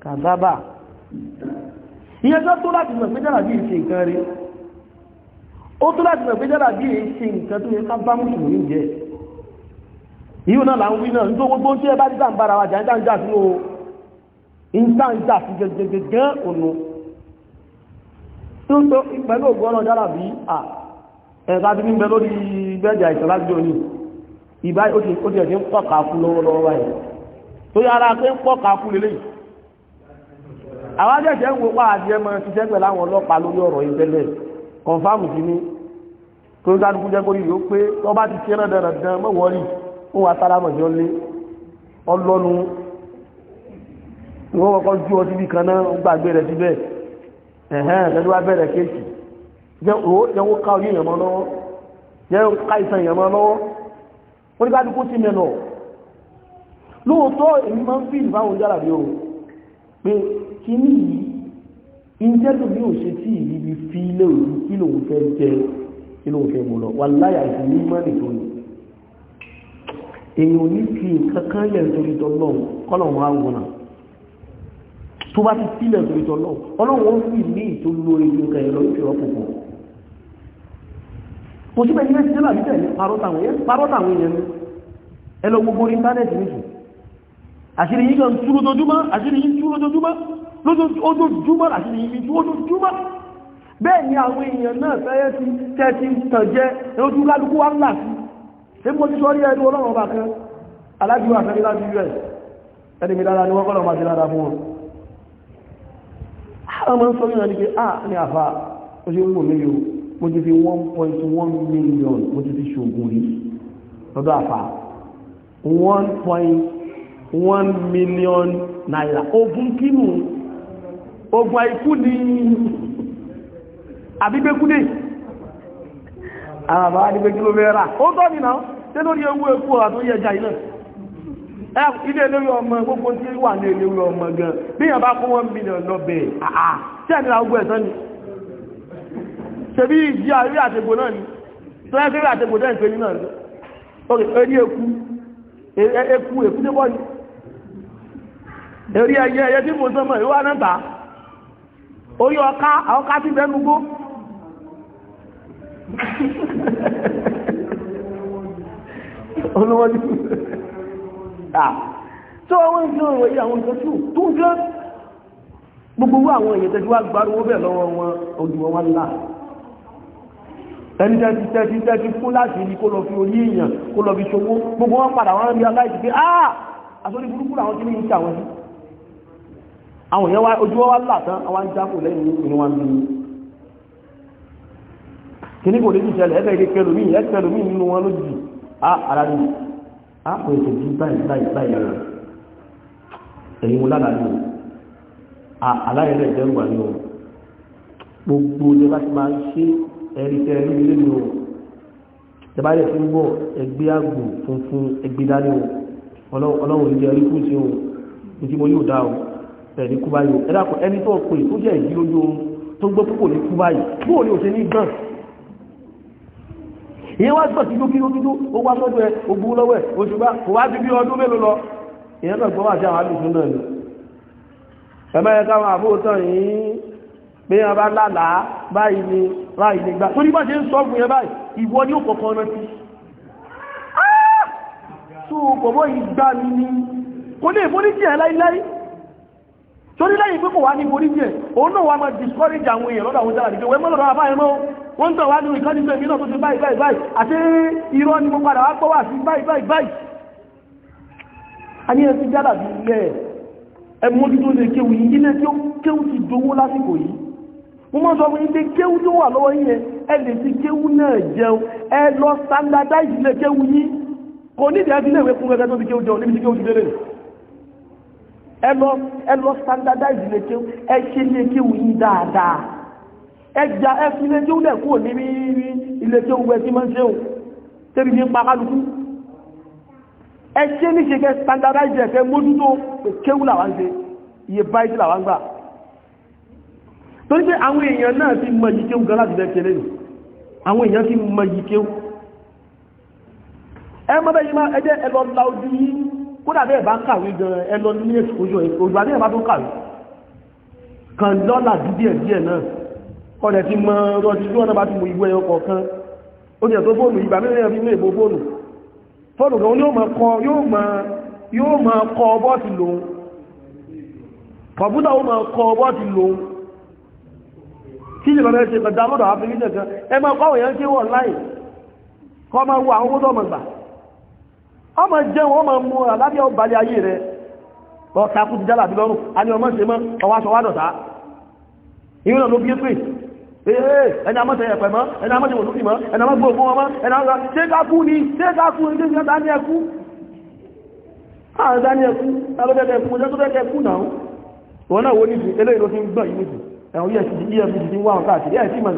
kàzábà ìyẹn tó tó láti mọ̀ pé jàrà bí ìṣe nǹkan rí ó tó láti mọ̀ pé jàrà bí ìṣe nǹkan tó yẹ ká bá mùsùlùmí jẹ ìhùn náà là ń wí náà nítorí gbogbo tí ẹ bá dídá ń bára wa jà ń jà sí o ń jà ń jà sí gẹ́gẹ́gẹ́ ònà tó ń tó pẹ̀lú ògùn ọ̀nà jàrà bí à ẹ̀ka ti ń bẹ lórí bẹ́ẹ̀jà ìṣọ̀lá bí òní ìbá ó ti ẹ̀sìn pọ̀ kàkú lọ́wọ́lọ́wọ́ báyìí tó yára pé ń pọ̀ kàkú lélẹ́yìí àwọn ajẹ́jẹ́ ń wopá àti ẹmọ ṣiṣẹ́ pẹ̀lú àwọn ọlọ́pàá lórí ọ̀rọ̀ yìí tẹ́lẹ̀ kọ̀nfàmù sí ni tó ń dánukú jẹ́ kórìí ó pé tó bá ti ṣe rán dandan mọ́wọ́rì ó wà sálámọ̀ jọ lé ọlọ́nu ìwọ́n kọ́kọ́ jú ọ síbi kan náà gbàgbé rẹ̀ síbẹ̀ ẹ̀hẹ́n lẹ́nu wá bẹ̀rẹ̀ kéèkì jẹ́ owó ká oyé ìyànmọ́ lọ́wọ́ jẹ́ ká ìsan ìyànmọ́ lọ́wọ́ oníkádùkú ti mẹ́nà lóòótọ́ èmi máa ń fi ìbáwọn jára bí ohun pé kí ní yìí ìjẹ́tò bí ò ṣe tí ìbí fi ilé òní kí lòun fẹ́ jẹ kí lòun fẹ́ mú lọ wà láyà ìsìn ní mọ́nì tó ní èèyàn ní fi nǹkan kan lẹ̀ nítorí tọ́lọ́ kọ́lọ̀wọ́n àwòrán tó bá ti sílẹ̀ nítorí tọ́lọ́ ọlọ́wọ́n fi ní ìtòlórí nǹkan ẹ̀rọ ìfìrọ́pọ̀ pọ̀ kò síbẹ̀ ilé sílẹ̀ àbíkẹ́ ní parọ́tàwọn èèyàn ẹ lọ àṣírí yìí kan tú lójoojúmọ́ àṣírí yìí tú lójoojúmọ́ lójoojúmọ́ àṣírí yìí tú lójoojúmọ́ bẹ́ẹ̀ ni àwọn èèyàn náà fẹ́yẹ́ ti tẹ́tí tàn jẹ́ ojú lálùkú wá ńlá sí ṣe mọ́ ti sọ rí ẹ̀rù ọlọ́run ọba kan alájúwà fẹ́rí láti us ẹni mi dára ni wọ́n kọ́lọ̀ máa ti dára fún wọn àwọn ọmọ ń sọ yìí pé a ah, ní àfà ó ṣe ń wò mí yóò mo ti fi 1.1 million mo ti fi ṣògùn rí lọ́dọ̀ àfà 1 one million naira ogun kínú ogun àìkú ní àbígbékúdé àwọn àbáwá ní pé kí ló fẹ́ rà ó tọ́ nìna tẹ́ lórí owó epo àtúnyẹ jà iná ilé lórí ọmọ gbogbo tí wà ní ilé lórí ọmọ gan bí yàn bá kó wọ́n mílíọ̀n lọ bẹ̀ àà tí ẹ̀nira ogun ẹ̀sán ni ṣebí ìjí àrí àtẹ̀gbò náà ni tó ẹ́ kéré àtẹ̀gbò náà ìpé nínú ọ̀rẹ́ orí eku eku eku tẹ́kọ́ ni èrí ẹyẹ ẹyẹ tí mo sọmọ ìwà náà ta orí ọká ọká sí bẹnugbó olówó ní tó àwọn ìjọ ìwòye àwọn ìtọ́jú tó ń jẹ́ gbogbo àwọn èyẹ tẹ́jú agbárówó bẹ̀ lọ́wọ́ wọn òjúwọ́ wọn lá ẹni tẹ́jú tẹ́jú tẹ́jú fún láti ní kó lọ fi orí èèyàn kó lọ fi ṣòwò gbogbo wọn padà wọn rí aláìsí pé ah àsọ́rí burúkú làwọn tí ní ìṣàwọn àwọn èèyàn wá ojú wá látán àwọn jákò lẹ́yìn inú wọn bí kí ní kò lè jìṣẹ́lẹ̀ ẹgbẹ́ ilé kẹlùmí ẹgbẹ́lùmí nínú wọn ló jì á ara ní á kò ètò bí báyìí báyìí báyìí ara èyí mo lára ní aláyẹ̀lẹ̀ jẹ́rù wà ní o gbogbo ilé bá ti máa ń ṣe ẹ̀rí kẹrin ilé ní o ìjọba ilẹ̀ tí ń bọ̀ ẹgbẹ́ àgbò funfun ẹgbẹ́ dání o ọlọ́run ìjẹ́ orí kù sí o ní tí mo yóò dá o ẹ̀rí kú báyìí ẹ̀dàkùn ẹni tó pè tó jẹ́ ìdí ojú oorun tó gbọ́ púpọ̀ ní kú báyìí bóò ní òṣèlú gan ìyẹn wá gbọ́ títú kíró títú ó wá sọ́dọ̀ ẹ ogun lọ́wọ́ ẹ oṣù bá kò wá ju bí ọdún mélòó lọ ìyẹn náà gbọ́ wà sí àwọn àlùfún náà ni ẹ̀mẹ́ ẹ̀ka àwọn àbóòtán yìí pé wọn bá lálàá báyìí ni báyìí ni gbà tó ní bá ṣe ń sọ fún yẹn báyìí ìwọ ni ó kọ̀ọ̀kan náà ti tó kọ̀ọ̀mọ́ yìí gbá mi ni kò lè fọ́ ní jẹ́ láíláí torí lẹ́yìn pé kò wá ní borí jẹ́ òun náà wà máa discourage àwọn èèyàn lọ́dọ̀ àwọn jàrà nígbẹ̀ wọ́n mọ́lọ̀rọ̀ àbá ẹmọ́ wọ́n tọ̀ wá ní ìkan nígbẹ̀ mí náà tó ti báyìí báyìí báyìí àti irọ́ ni mo padà wá gbọ́wà sí báyìí báyìí báyìí a ní ẹsí jádà bí ilẹ̀ ẹmọ́jú tó lè kéwù yìí ilé tí ó kéwù ti dowó lásìkò yìí mo mọ́ sọ fún ilé kéwù tó wà lọ́wọ́ yìí ẹ lè fi standardize ilé kéwù yìí kò nídìí ẹ fi lè wé fún gẹ́gẹ́ tó fi kéwù jẹun níbi tí kéwù ti ẹ lọ ẹ lọ standardize leke ẹ ṣe leke wù yín dáadáa ẹ jà ẹ fi leke wù dẹ kúrò níbi ileke wù ẹ ti máa ń ṣe o tẹbi ní pa kálukú ẹ ṣe ní ṣe kẹ standardize kẹ mójútó kéwù làwọn ṣe iye báyìí làwọn gbà torí pé àwọn èèyàn náà ti mọ yìí kéwù gan láti fẹ́ kéré nù àwọn èèyàn ti mọ yìí kéwù ẹ mọ bẹ́ẹ̀ yìí máa ẹ jẹ́ ẹ lọ la ojú yìí kódà bẹ́ẹ̀ bá ń kàwé gan ẹ lọ ní exposure òjò àbí ẹ̀bá tó ń kàwé kan lọ́là díẹ̀ díẹ̀ náà ọ̀dẹ̀ ti mọ ọ̀rọ̀ tí wọ́n náà bá ti mú ìwé ẹyọ kọ̀ọ̀kan ó jẹ́ tó fóònù ìgbà mẹ́rin fi ní èbò fóònù fóònù gan yóò mọ kọ yóò mọ yóò mọ kọ ọbọ̀ ti lòun kọ̀pútà ó mọ kọ ọbọ̀ ti lòun kí ìjọba bẹ́ẹ̀ ọmọ jẹun ọmọ mú àlábíà ó balẹ̀ ayé rẹ̀ lọ takú ti jálà bí lọ́rùn a ní ọmọ ṣe mọ́ ọwá sọ wá dọ̀tá ìwọ̀n ló bí pé ẹni amọ́tẹ̀ ẹ̀pẹ̀ mọ́ ẹni amọ́tẹ̀ wòlúkì mọ́ ẹni amọ́gbọ́ ògbó wọn mọ́ ẹni amọ́gbọ́ ṣe kákú ni ṣe kákú ní ṣe dání ẹkú ààrẹ dání ẹkú tàbẹ́tẹ̀ ẹkú jẹ́ tó tẹ́kẹ́ ẹkú náà wọ́n náà wó ní sí eléyìí ló ti ń gbọ́ yìí nìtì ẹ̀wọ̀n efcc ti ń wá wọn káàkiri ẹ̀ sí mọ̀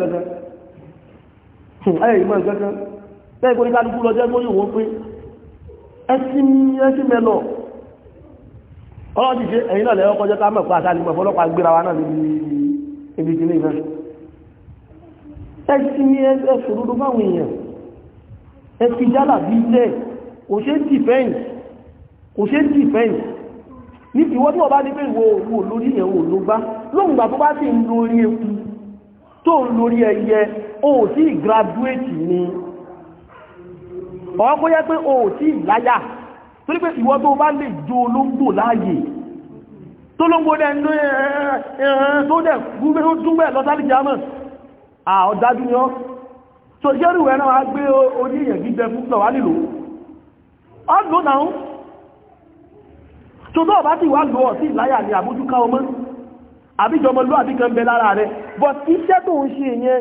gẹ́gẹ́ ẹsí mẹ́lọ ọlọ́run ti ṣe ẹ̀yìn náà lẹ́wọ́ kọjọ́ káàmọ̀ pàá sáà nígbà fọ́lọ́pàá gbéra wa náà níbi ibi ìdílé náà ẹsí ní ẹsùn dúdú fáwọn èèyàn ẹsí jálà bí ilẹ̀ kò ṣe dìfẹ́ǹsì kò ṣe dìfẹ́ǹsì ní ìwọ́ tí wọ́n bá ní pé ìwọ òwò lórí ẹ̀ ò ló gbá lóògbà tó bá sì ń lórí ọ̀wọ́n kó yẹ́ pé o ò tí láyà torí pé ìwọ tó bá lè jo olóńgbò láàyè tó lóńgbò dẹ̀ ní ẹ̀ẹ́rẹ́ tó dẹ̀ gúgbẹ́ tó túnbẹ̀ lọ́sálì jámọ̀ àọ̀dájú yọ́ tó jẹ́rù rẹ̀ náà gbé oníyàn gbígbẹ fún lọ wá nílò ọdún náà tó tó bá ti wá lọ sí láyà ní àbójúká ọmọ àbíjọmọlú àbíkan bẹ lára rẹ̀ bọ̀ iṣẹ́ tó ń ṣe yẹn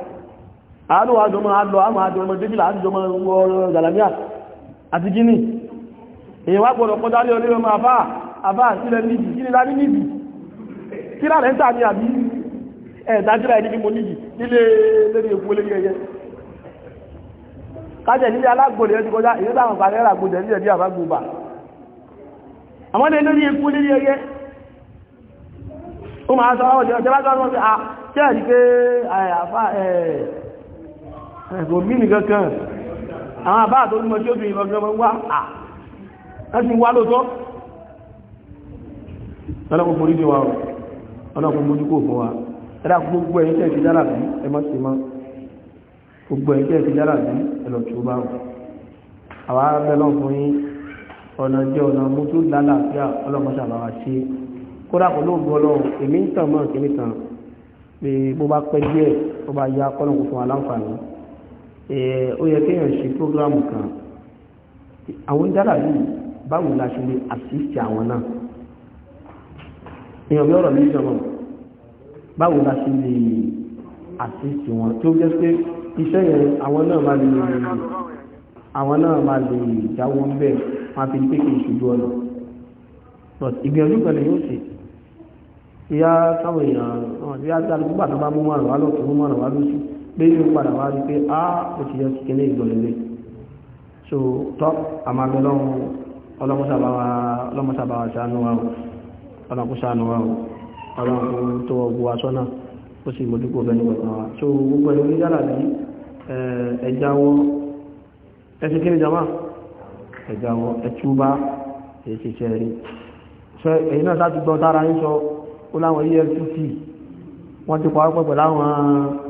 àádọ́ àjọmọ́ àlọ́ àmọ́ àjọmọ́ débìlà àjọmọ́ ọ̀rọ̀ gàlàmíà àti gíní èyàn wá gbọ́dọ̀ kọjá lé orí ọmọ àbá àbá sílẹ̀ níbi kí ni láti níbi kí láàrẹ̀ ń tà ní àbí ẹ̀ẹ́dájúra ẹni mo níbi nílé lórí èkó lórí ẹyẹ kájẹ̀ nílé alágbòrè ẹni kọjá èyí táwọn pàdé àgbòjẹ̀ ní ẹ̀bí àbágbòbà àmọ́ lè lórí èkó lórí ẹyẹ ó máa sọ ọjọ́ ọjọ́ bá sọ ọjọ́ ẹ̀kọ́ mí nìkan kan àwọn àbá àtọ́ onímọ̀ tí ó bìí lọ́gbọ́n wá à láti wá lóòtọ́ ọlọ́kùn forí dé wa o ọlọ́kùn mójú kò fún wa ẹ̀dá gbogbo ẹ̀yìn tẹ̀ fi dára bí ẹ má ṣe má gbogbo ẹ̀yìn tẹ̀ fi dára bí ẹ lọ tí ó bá wọn àwa bẹ́lọ̀ fún yín ọ̀nà jẹ́ ọ̀nà mú tó lálàáfíà ọlọ́mọṣà bá wa ṣe kódà kò ló gbọ́ lọ èmi ń tàn mọ́ kìnnìkan pé bó bá pẹ́ díẹ̀ bó bá ya kọ́lọ́kùn fún wa láǹfààní Eh, ó yẹ kéèyàn ṣe program kan àwọn dára yìí báwo la ṣe lè assist àwọn náà èèyàn bí ọ̀rọ̀ mi jọmọ báwo la ṣe lè assist wọn tí ó jẹ́ pé iṣẹ́ yẹn àwọn náà máa lè àwọn náà máa lè jáwọ́ ń bẹ̀ máa fi pé kí ìṣubú ọ̀nà but ìgbìyànjú kan lè yóò ṣe ìyá táwọn èèyàn ìyá táwọn gbàgbọ́ bá mú mọ́ràn wá lọ́tún mú mọ́ràn wá lọ́sùn pé yóò padà wá rí pé á ó ti yẹ kíní ìgbọ̀lẹ̀lẹ̀ so tọ́ àmàgbẹ́ ọlọ́mọsàbáwà sánú wa ọlọ́run tó ọgbọ́ asọ́nà ó sì mójúkò bẹ́ni pẹ̀lú wa so gbogbo ẹni ní yàrá bí ẹjáwọ́ ẹsẹ̀ kí ni jama ẹjáwọ́ ẹtúbá ẹ̀ṣẹ̀ṣẹ̀ rí so èyí náà sáà ti gbọ́ tára ń sọ ó láwọn efcc wọ́n ti pàápọ̀ pẹ̀lú àwọn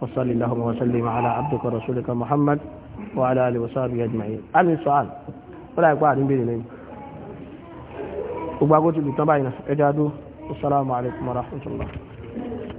وصلي اللهم وسلم على عبدك ورسولك محمد وعلى آله وصحبه أجمعين أمي سؤال ولا يقع عن بيني لين وبقول لك تبعنا إجادو السلام عليكم ورحمة الله